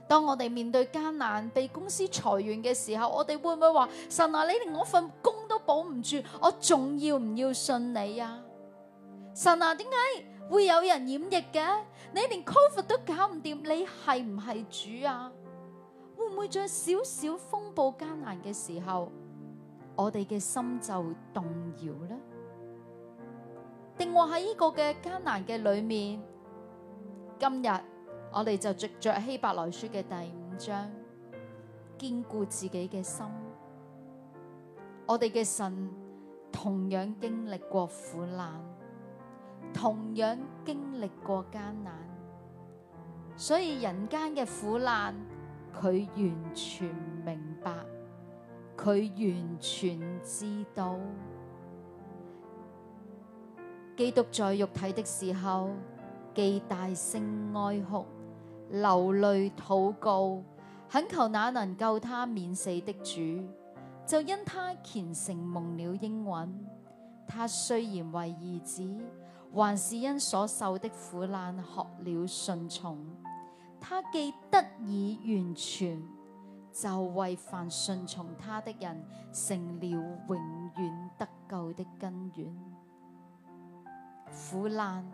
D: 當我哋面對艱難、被公司裁員嘅時候，我哋會唔會話神啊？你連我份工都保唔住，我仲要唔要信你啊？神啊，點解會有人染疫嘅？你連 COVID 都搞唔掂，你係唔係主啊？會唔會在少少風暴艱難嘅時候，我哋嘅心就動搖呢？定或喺呢個嘅艱難嘅裏面，今日我哋就續著希伯來書嘅第五章，堅固自己嘅心。我哋嘅神同樣經歷過苦難，同樣經歷過艱難，所以人間嘅苦難。佢完全明白，佢完全知道，基督在肉體的時候，既大聲哀哭、流淚禱告、懇求那能救他免死的主，就因他虔誠蒙了應允。他雖然為兒子，還是因所受的苦難學了順從。他既得以完全，就為凡順從他的人，成了永遠得救的根源。苦難，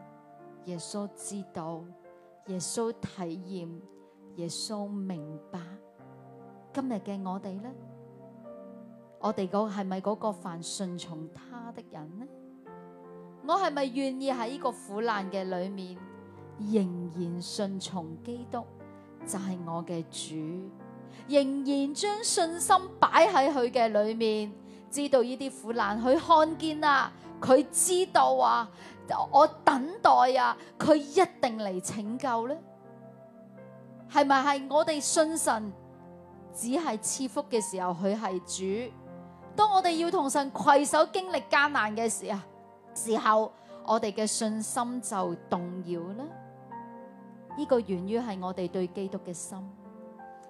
D: 耶穌知道，耶穌體驗，耶穌明白。今日嘅我哋呢？我哋嗰係咪嗰個凡順從他的人呢？我係咪願意喺呢個苦難嘅裏面？仍然順從基督，就係我嘅主。仍然將信心擺喺佢嘅裏面，知道呢啲苦難佢看見啦，佢知道啊，我等待啊，佢一定嚟拯救呢。係咪係我哋信神只係賜福嘅時候佢係主？當我哋要同神攜手經歷艱難嘅時啊時候，我哋嘅信心就動搖呢。呢個源於係我哋對基督嘅心，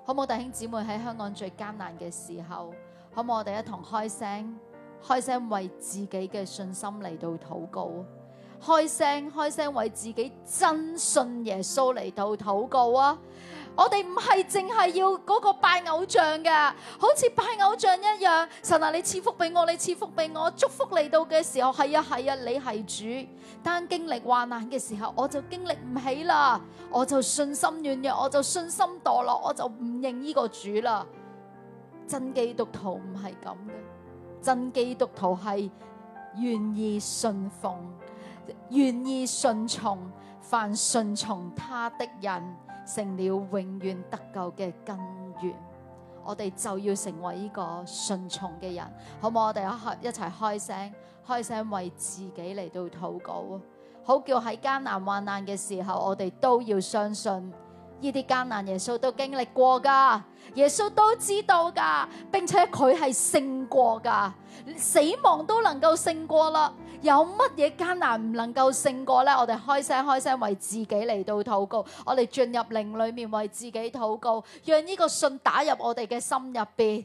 D: 好唔好弟兄、姊妹喺香港最艱難嘅時候，可唔可以我哋一同開聲，開聲為自己嘅信心嚟到禱告，開聲開聲為自己真信耶穌嚟到禱告啊！我哋唔係淨係要嗰個拜偶像嘅，好似拜偶像一樣。神啊，你賜福俾我，你賜福俾我，祝福嚟到嘅時候，係啊係啊，你係主。當經歷患難嘅時候，我就經歷唔起啦，我就信心軟弱，我就信心墮落，我就唔認呢個主啦。真基督徒唔係咁嘅，真基督徒係願意信奉，願意順從，凡順從他的人。成了永遠得救嘅根源，我哋就要成為呢個順從嘅人，好唔好？我哋一開一齊開聲，開聲為自己嚟到禱告啊！好叫喺艱難患難嘅時候，我哋都要相信，呢啲艱難耶穌都經歷過噶，耶穌都知道噶，並且佢係勝過噶，死亡都能夠勝過啦。有乜嘢艱難唔能夠勝過咧？我哋開聲開聲為自己嚟到禱告，我哋進入靈裏面為自己禱告，讓呢個信打入我哋嘅心入邊。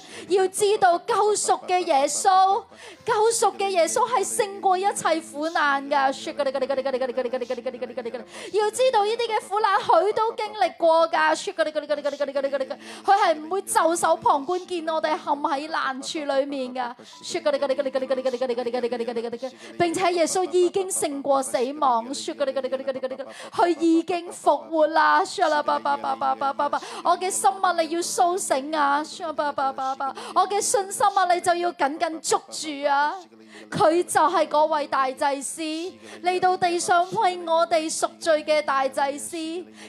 D: 要知道救贖嘅耶穌，救贖嘅耶穌係勝過一切苦難噶。要知道呢啲嘅苦難，佢都經歷過噶。佢係唔會袖手旁觀，見我哋陷喺難處裏面噶。並且耶穌已經勝過死亡，佢已經復活啦。我嘅心啊，你要蘇醒啊！我嘅信心啊，你就要緊緊捉住啊！佢就係位大祭司嚟到地上為我哋贖罪嘅大祭司，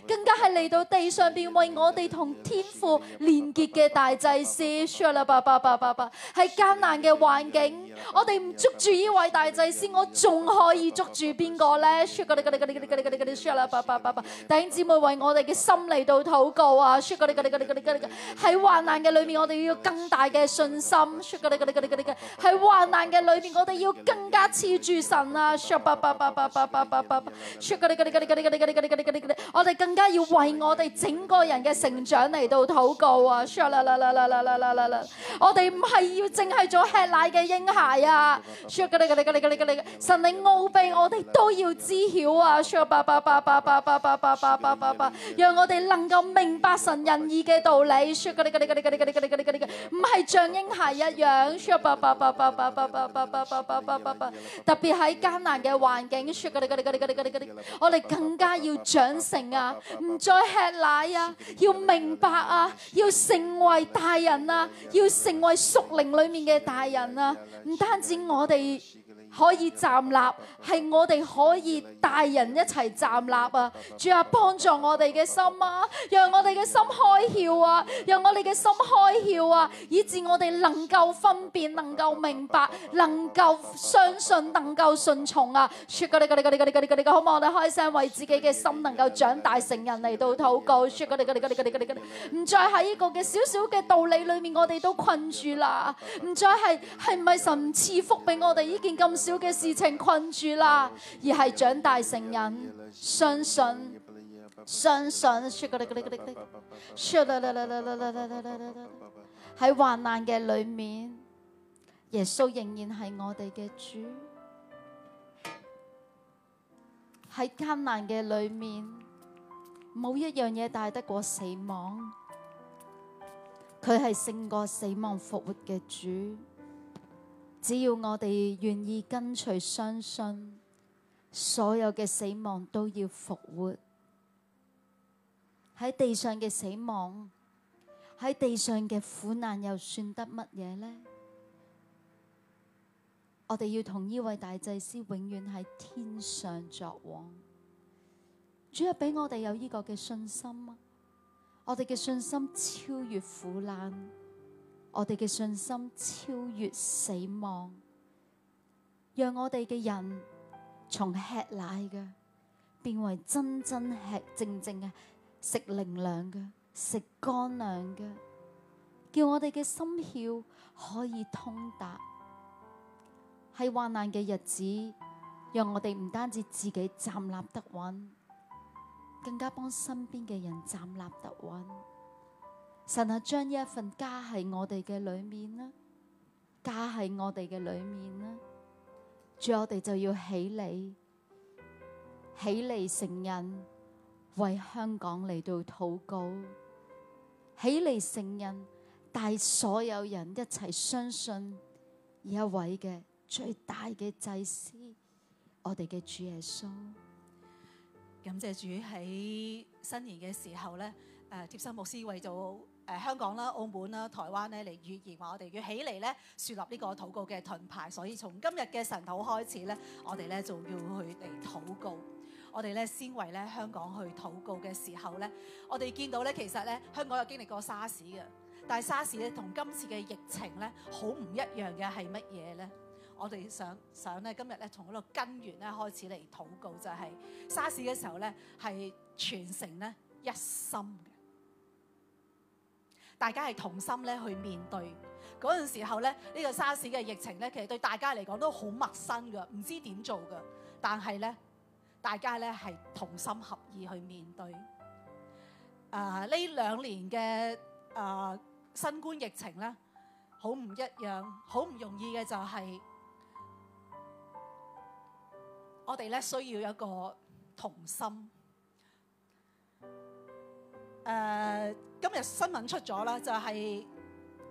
D: 更加係嚟到地上邊為我哋同天父連結嘅大祭司。Shall we? 啵，係艱難嘅環境，我哋唔捉住呢位大祭司，我仲可以捉住邊個咧？Shall we? 啵，弟兄姊妹為我哋嘅心嚟到禱告啊！Shall we? 啵，喺患難嘅裏面，我哋要。更大嘅信心，喺患難嘅裏面，我哋要更加黐住神啊！我哋更加要為我哋整個人嘅成長嚟到禱告啊！我哋唔係要淨係做吃奶嘅嬰孩啊！神嘅奧秘我哋都要知曉啊！讓我哋能夠明白神仁義嘅道理。唔係像嬰孩一樣，特別喺艱難嘅環境，我哋更加要長成啊，唔再吃奶啊，要明白啊，要成為大人啊，要成為屬靈裡面嘅大人啊，唔單止我哋。可以站立，係我哋可以大人一齊站立啊！主啊，幫助我哋嘅心啊，讓我哋嘅心開竅啊，讓我哋嘅心開竅啊，以致我哋能夠分辨、能夠明白、能夠相信、能夠順從啊！出嗰啲嗰啲嗰啲嗰啲嗰啲嗰啲嗰啲，好唔好？我哋開聲為自己嘅心能夠長大成人嚟到禱告，出嗰啲嗰啲嗰啲嗰啲嗰啲嗰啲，唔再喺呢個嘅少少嘅道理裏面，我哋都困住啦！唔再係係唔係神賜福俾我哋呢件咁？小嘅事情困住啦，而係長大成人。相信，相信，喺 患難嘅裏面，耶穌仍然係我哋嘅主。喺艱難嘅裏面，冇一樣嘢大得過死亡。佢係勝過死亡復活嘅主。只要我哋願意跟隨相信，所有嘅死亡都要復活。喺地上嘅死亡，喺地上嘅苦難又算得乜嘢呢？我哋要同呢位大祭司永遠喺天上作王。主要俾我哋有呢個嘅信心啊！我哋嘅信心超越苦難。我哋嘅信心超越死亡，讓我哋嘅人從吃奶嘅變為真真吃正正嘅食靈糧嘅食乾糧嘅，叫我哋嘅心竅可以通達。喺患難嘅日子，讓我哋唔單止自己站立得穩，更加幫身邊嘅人站立得穩。神啊，將呢一份加喺我哋嘅裏面啦，加喺我哋嘅裏面啦。主，我哋就要起嚟，起嚟承認，為香港嚟到禱告，起嚟承認，帶所有人一齊相信呢一位嘅最大嘅祭司，我哋嘅主耶穌。
E: 感謝主喺新年嘅時候咧，誒、啊，貼心牧師為咗。誒香港啦、澳門啦、台灣咧，嚟預言話我哋要起嚟咧，樹立呢個禱告嘅盾牌。所以從今日嘅神壇開始咧，我哋咧就要去嚟禱告。我哋咧先為咧香港去禱告嘅時候咧，我哋見到咧其實咧香港有經歷過沙士嘅，但係沙士咧同今次嘅疫情咧好唔一樣嘅係乜嘢咧？我哋想想咧今日咧從嗰度根源咧開始嚟禱告，就係沙士嘅時候咧係全城咧一心。大家係同心咧去面對嗰陣、那個、時候咧，呢、這個沙士嘅疫情咧，其實對大家嚟講都好陌生噶，唔知點做噶。但係咧，大家咧係同心合意去面對。啊，呢兩年嘅啊、uh, 新冠疫情咧，好唔一樣，好唔容易嘅就係我哋咧需要一個同心。誒、uh, 今日新聞出咗啦，就係、是、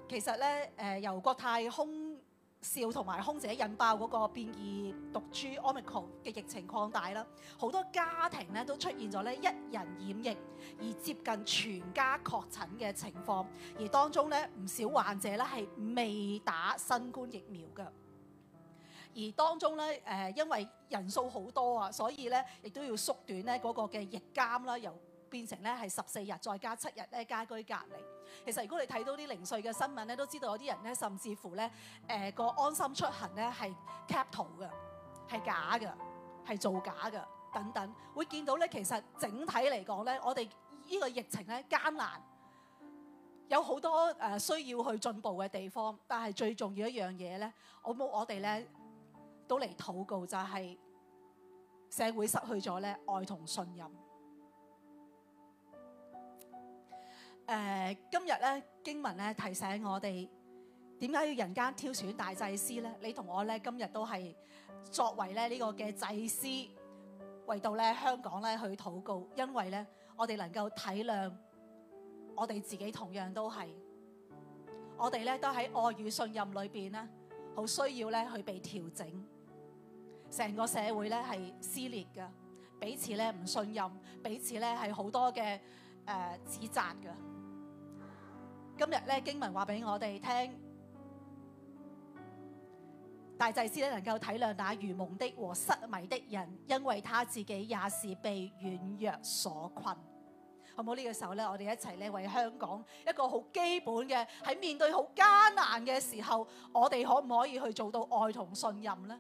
E: 其實咧誒、呃、由國泰空少同埋空姐引爆嗰個變異毒株， 株 Omicron 嘅疫情擴大啦，好多家庭咧都出現咗咧一人染疫而接近全家確診嘅情況，而當中咧唔少患者咧係未打新冠疫苗嘅，而當中咧誒、呃、因為人數好多啊，所以咧亦都要縮短咧嗰個嘅疫監啦，由變成咧係十四日再加七日咧家居隔離。其實如果你睇到啲零碎嘅新聞咧，都知道有啲人咧甚至乎咧誒個安心出行咧係 cap 圖嘅，係假嘅，係造假嘅等等。會見到咧，其實整體嚟講咧，我哋呢個疫情咧艱難，有好多誒需要去進步嘅地方。但係最重要一樣嘢咧，我冇我哋咧都嚟禱告，就係社會失去咗咧愛同信任。誒、呃、今日咧經文咧提醒我哋點解要人間挑選大祭司咧？你同我咧今日都係作為咧呢個嘅祭司，為到咧香港咧去禱告，因為咧我哋能夠體諒我哋自己同樣都係，我哋咧都喺愛與信任裏邊咧好需要咧去被調整，成個社會咧係撕裂嘅，彼此咧唔信任，彼此咧係好多嘅誒、呃、指責嘅。今日咧經文話俾我哋聽，大祭司咧能夠體諒那愚蒙的和失迷的人，因為他自己也是被軟弱所困。好唔好呢個時候咧，我哋一齊咧為香港一個好基本嘅，喺面對好艱難嘅時候，我哋可唔可以去做到愛同信任呢？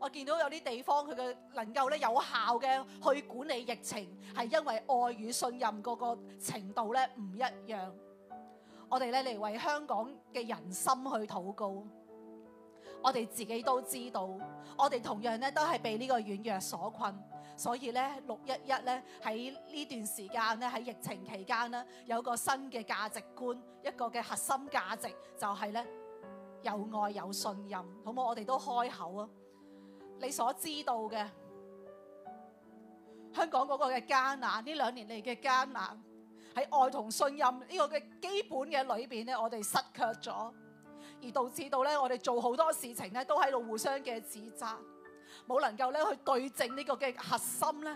E: 我見到有啲地方佢嘅能夠咧有效嘅去管理疫情，係因為愛與信任嗰個程度咧唔一樣。我哋咧嚟為香港嘅人心去禱告，我哋自己都知道，我哋同樣咧都係被呢個軟弱所困，所以咧六一一咧喺呢段時間咧喺疫情期間咧有個新嘅價值觀，一個嘅核心價值就係咧有愛有信任，好冇？我哋都開口啊！你所知道嘅香港嗰個嘅艱難，呢兩年嚟嘅艱難。喺愛同信任呢個嘅基本嘅裏邊咧，我哋失卻咗，而導致到咧我哋做好多事情咧都喺度互相嘅指責，冇能夠咧去對正呢個嘅核心咧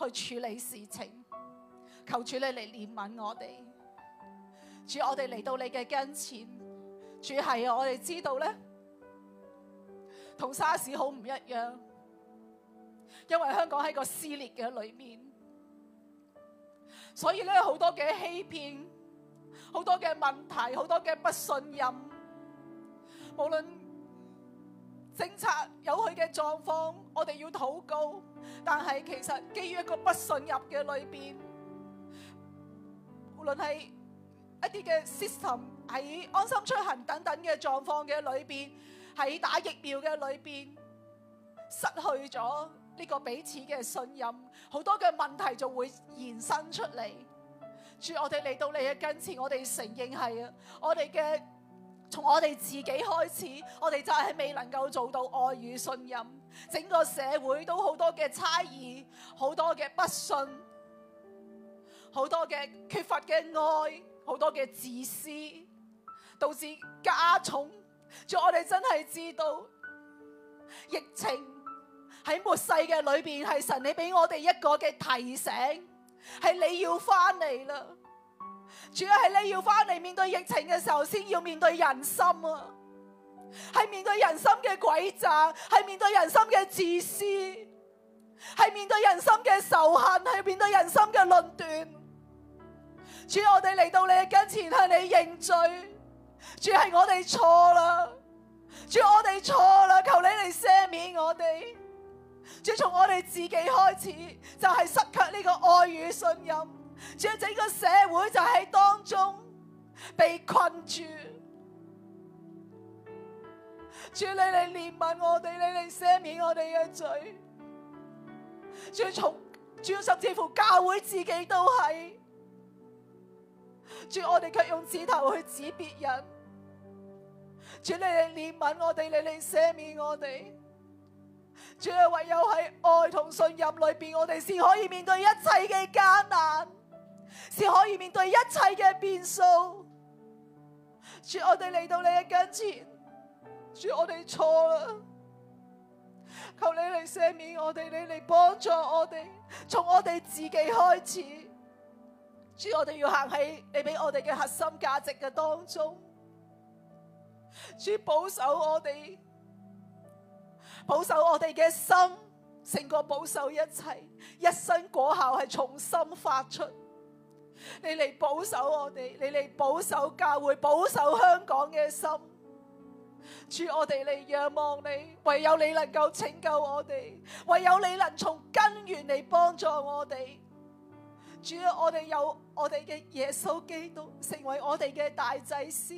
E: 去處理事情。求主你嚟憐憫我哋，主，我哋嚟到你嘅跟前，主係我哋知道咧，同沙士好唔一樣，因為香港喺個撕裂嘅裏面。所以咧好多嘅欺騙，好多嘅問題，好多嘅不信任。無論政策有佢嘅狀況，我哋要禱告。但係其實基於一個不信任嘅裏邊，無論係一啲嘅 system 喺安心出行等等嘅狀況嘅裏邊，喺打疫苗嘅裏邊，失去咗。呢個彼此嘅信任，好多嘅問題就會延伸出嚟。住我哋嚟到你嘅跟前，我哋承認係啊，我哋嘅從我哋自己開始，我哋就係未能夠做到愛與信任。整個社會都好多嘅猜疑，好多嘅不信，好多嘅缺乏嘅愛，好多嘅自私，導致加重。住我哋真係知道疫情。喺末世嘅裏邊，係神你俾我哋一個嘅提醒，係你要翻嚟啦。主要係你要翻嚟，面對疫情嘅時候，先要面對人心啊！係面對人心嘅詭詐，係面對人心嘅自私，係面對人心嘅仇恨，係面對人心嘅論斷。主要我哋嚟到你嘅跟前向你認罪，主要係我哋錯啦，主要我哋錯啦，求你嚟赦免我哋。主，從我哋自己開始，就係、是、失卻呢個愛與信任，主，整個社會就喺當中被困住。主，你嚟憐憫我哋，你嚟赦免我哋嘅罪。主，從，主要甚至乎教會自己都係，主，我哋卻用指頭去指別人。主，你嚟憐憫我哋，你嚟赦免我哋。主啊，唯有喺愛同信任裏邊，我哋先可以面對一切嘅艱難，先可以面對一切嘅變數。主，我哋嚟到你嘅跟前，主，我哋錯啦，求你嚟赦免我哋，你嚟幫助我哋，從我哋自己開始。主，我哋要行喺你俾我哋嘅核心價值嘅當中，主保守我哋。保守我哋嘅心，成個保守一切，一生果效係從心發出。你嚟保守我哋，你嚟保守教會，保守香港嘅心。主，我哋嚟仰望你，唯有你能夠拯救我哋，唯有你能從根源嚟幫助我哋。主，我哋有我哋嘅耶穌基督成為我哋嘅大祭司。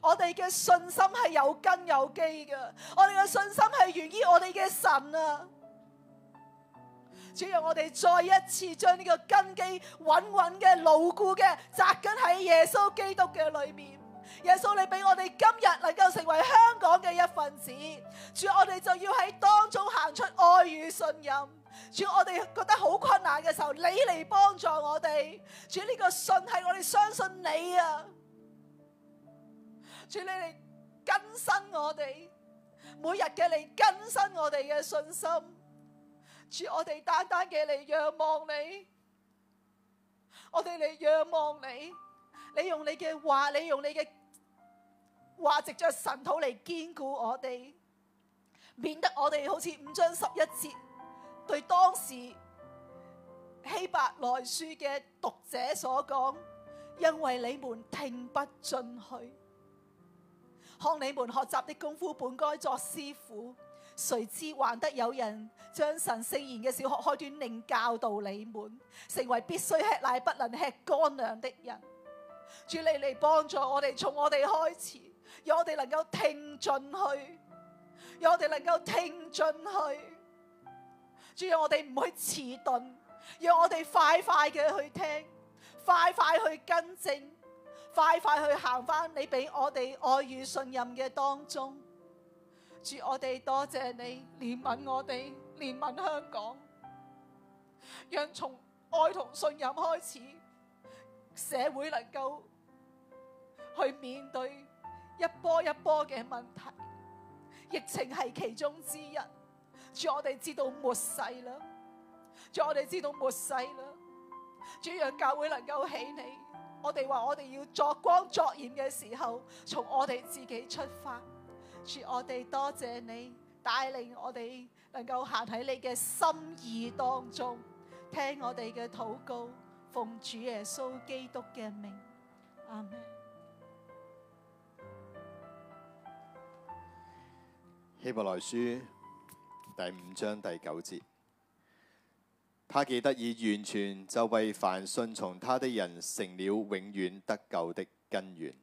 E: 我哋嘅信心係有根有基嘅，我哋嘅信心係源於我哋嘅神啊！主啊，我哋再一次將呢個根基穩穩嘅、牢固嘅扎根喺耶穌基督嘅裏面。耶穌，你俾我哋今日能夠成為香港嘅一份子，主，我哋就要喺當中行出愛與信任。主，我哋覺得好困難嘅時候，你嚟幫助我哋。主，呢個信係我哋相信你啊！主，你嚟更新我哋，每日嘅你更新我哋嘅信心。主，我哋單單嘅嚟仰望你，我哋嚟仰望你。你用你嘅話，你用你嘅話，藉着神土嚟堅固我哋，免得我哋好似五章十一節對當時希伯來書嘅讀者所講，因為你們聽不進去。看，你們學習的功夫，本該作師傅，誰知還得有人將神聖言嘅小學開端另教導你們，成為必須吃奶不能吃乾糧的人。主，你嚟幫助我哋，從我哋開始，讓我哋能夠聽進去，讓我哋能夠聽進去。主要我哋唔去遲鈍，讓我哋快快嘅去聽，快快去跟正。快快去行翻你俾我哋愛與信任嘅當中，主，我哋多謝，謝你憐憫我哋，憐憫香港，讓從愛同信任開始，社會能夠去面對一波一波嘅問題，疫情係其中之一，主，我哋知道末世啦，主，我哋知道末世啦，主，讓教會能夠起你。我哋話我哋要作光作鹽嘅時候，從我哋自己出發。主，我哋多謝你帶領我哋能夠行喺你嘅心意當中，聽我哋嘅禱告，奉主耶穌基督嘅名。阿門。
A: 希伯來書第五章第九節。他既得以完全，就為凡順從他的人成了永遠得救的根源。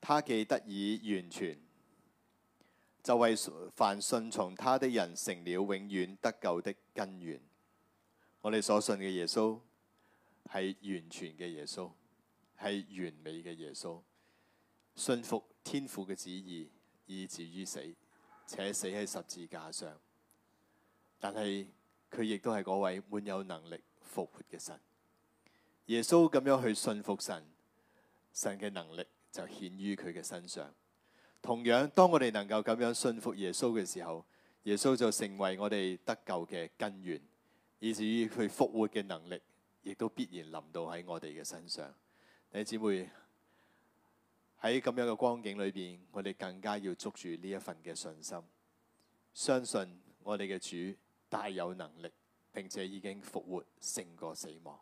A: 他既得以完全，就為凡順從他的人成了永遠得救的根源。我哋所信嘅耶穌係完全嘅耶穌，係完，完美嘅耶穌，信服天父嘅旨意，以至於死，且死喺十字架上。但係。佢亦都係嗰位滿有能力復活嘅神。耶穌咁樣去信服神，神嘅能力就顯於佢嘅身上。同樣，當我哋能夠咁樣信服耶穌嘅時候，耶穌就成為我哋得救嘅根源，以至於佢復活嘅能力，亦都必然臨到喺我哋嘅身上你。弟兄姊妹喺咁樣嘅光景裏邊，我哋更加要捉住呢一份嘅信心，相信我哋嘅主。大有能力，並且已經復活勝過死亡，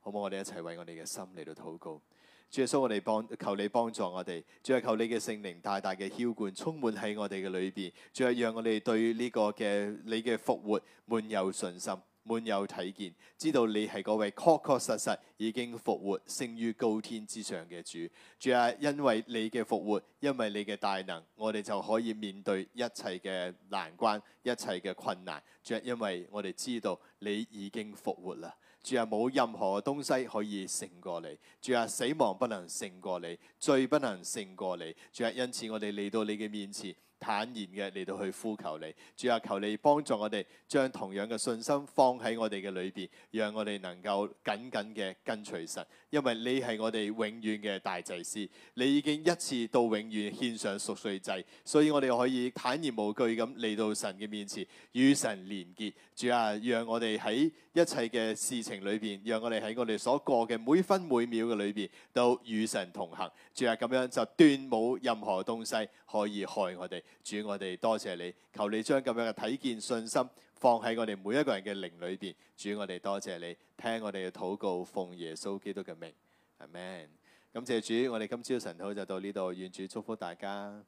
A: 好唔好？我哋一齊為我哋嘅心嚟到禱告。主耶穌，我哋幫，求你幫助我哋。主啊，求你嘅聖靈大大嘅澆灌充滿喺我哋嘅裏邊，主啊，讓我哋對呢個嘅你嘅復活滿有信心。滿有體見，知道你係嗰位確確實實已經復活、勝於高天之上嘅主。主啊，因為你嘅復活，因為你嘅大能，我哋就可以面對一切嘅難關、一切嘅困難。主啊，因為我哋知道你已經復活啦，主啊，冇任何嘅東西可以勝過你，主啊，死亡不能勝過你，罪不能勝過你。主啊，因此我哋嚟到你嘅面前。坦然嘅嚟到去呼求你，主啊，求你幫助我哋，將同樣嘅信心放喺我哋嘅裏邊，讓我哋能夠緊緊嘅跟隨神，因為你係我哋永遠嘅大祭司，你已經一次到永遠獻上贖罪祭，所以我哋可以坦然無懼咁嚟到神嘅面前與神連結。主啊，讓我哋喺一切嘅事情裏邊，讓我哋喺我哋所過嘅每分每秒嘅裏邊都與神同行。主啊，咁樣就斷冇任何東西。可以害我哋，主，我哋多謝你，求你將咁樣嘅睇見信心放喺我哋每一個人嘅靈裏邊，主，我哋多謝你，聽我哋嘅禱告，奉耶穌基督嘅名，阿門。感謝主，我哋今朝晨禱就到呢度，願主祝福大家。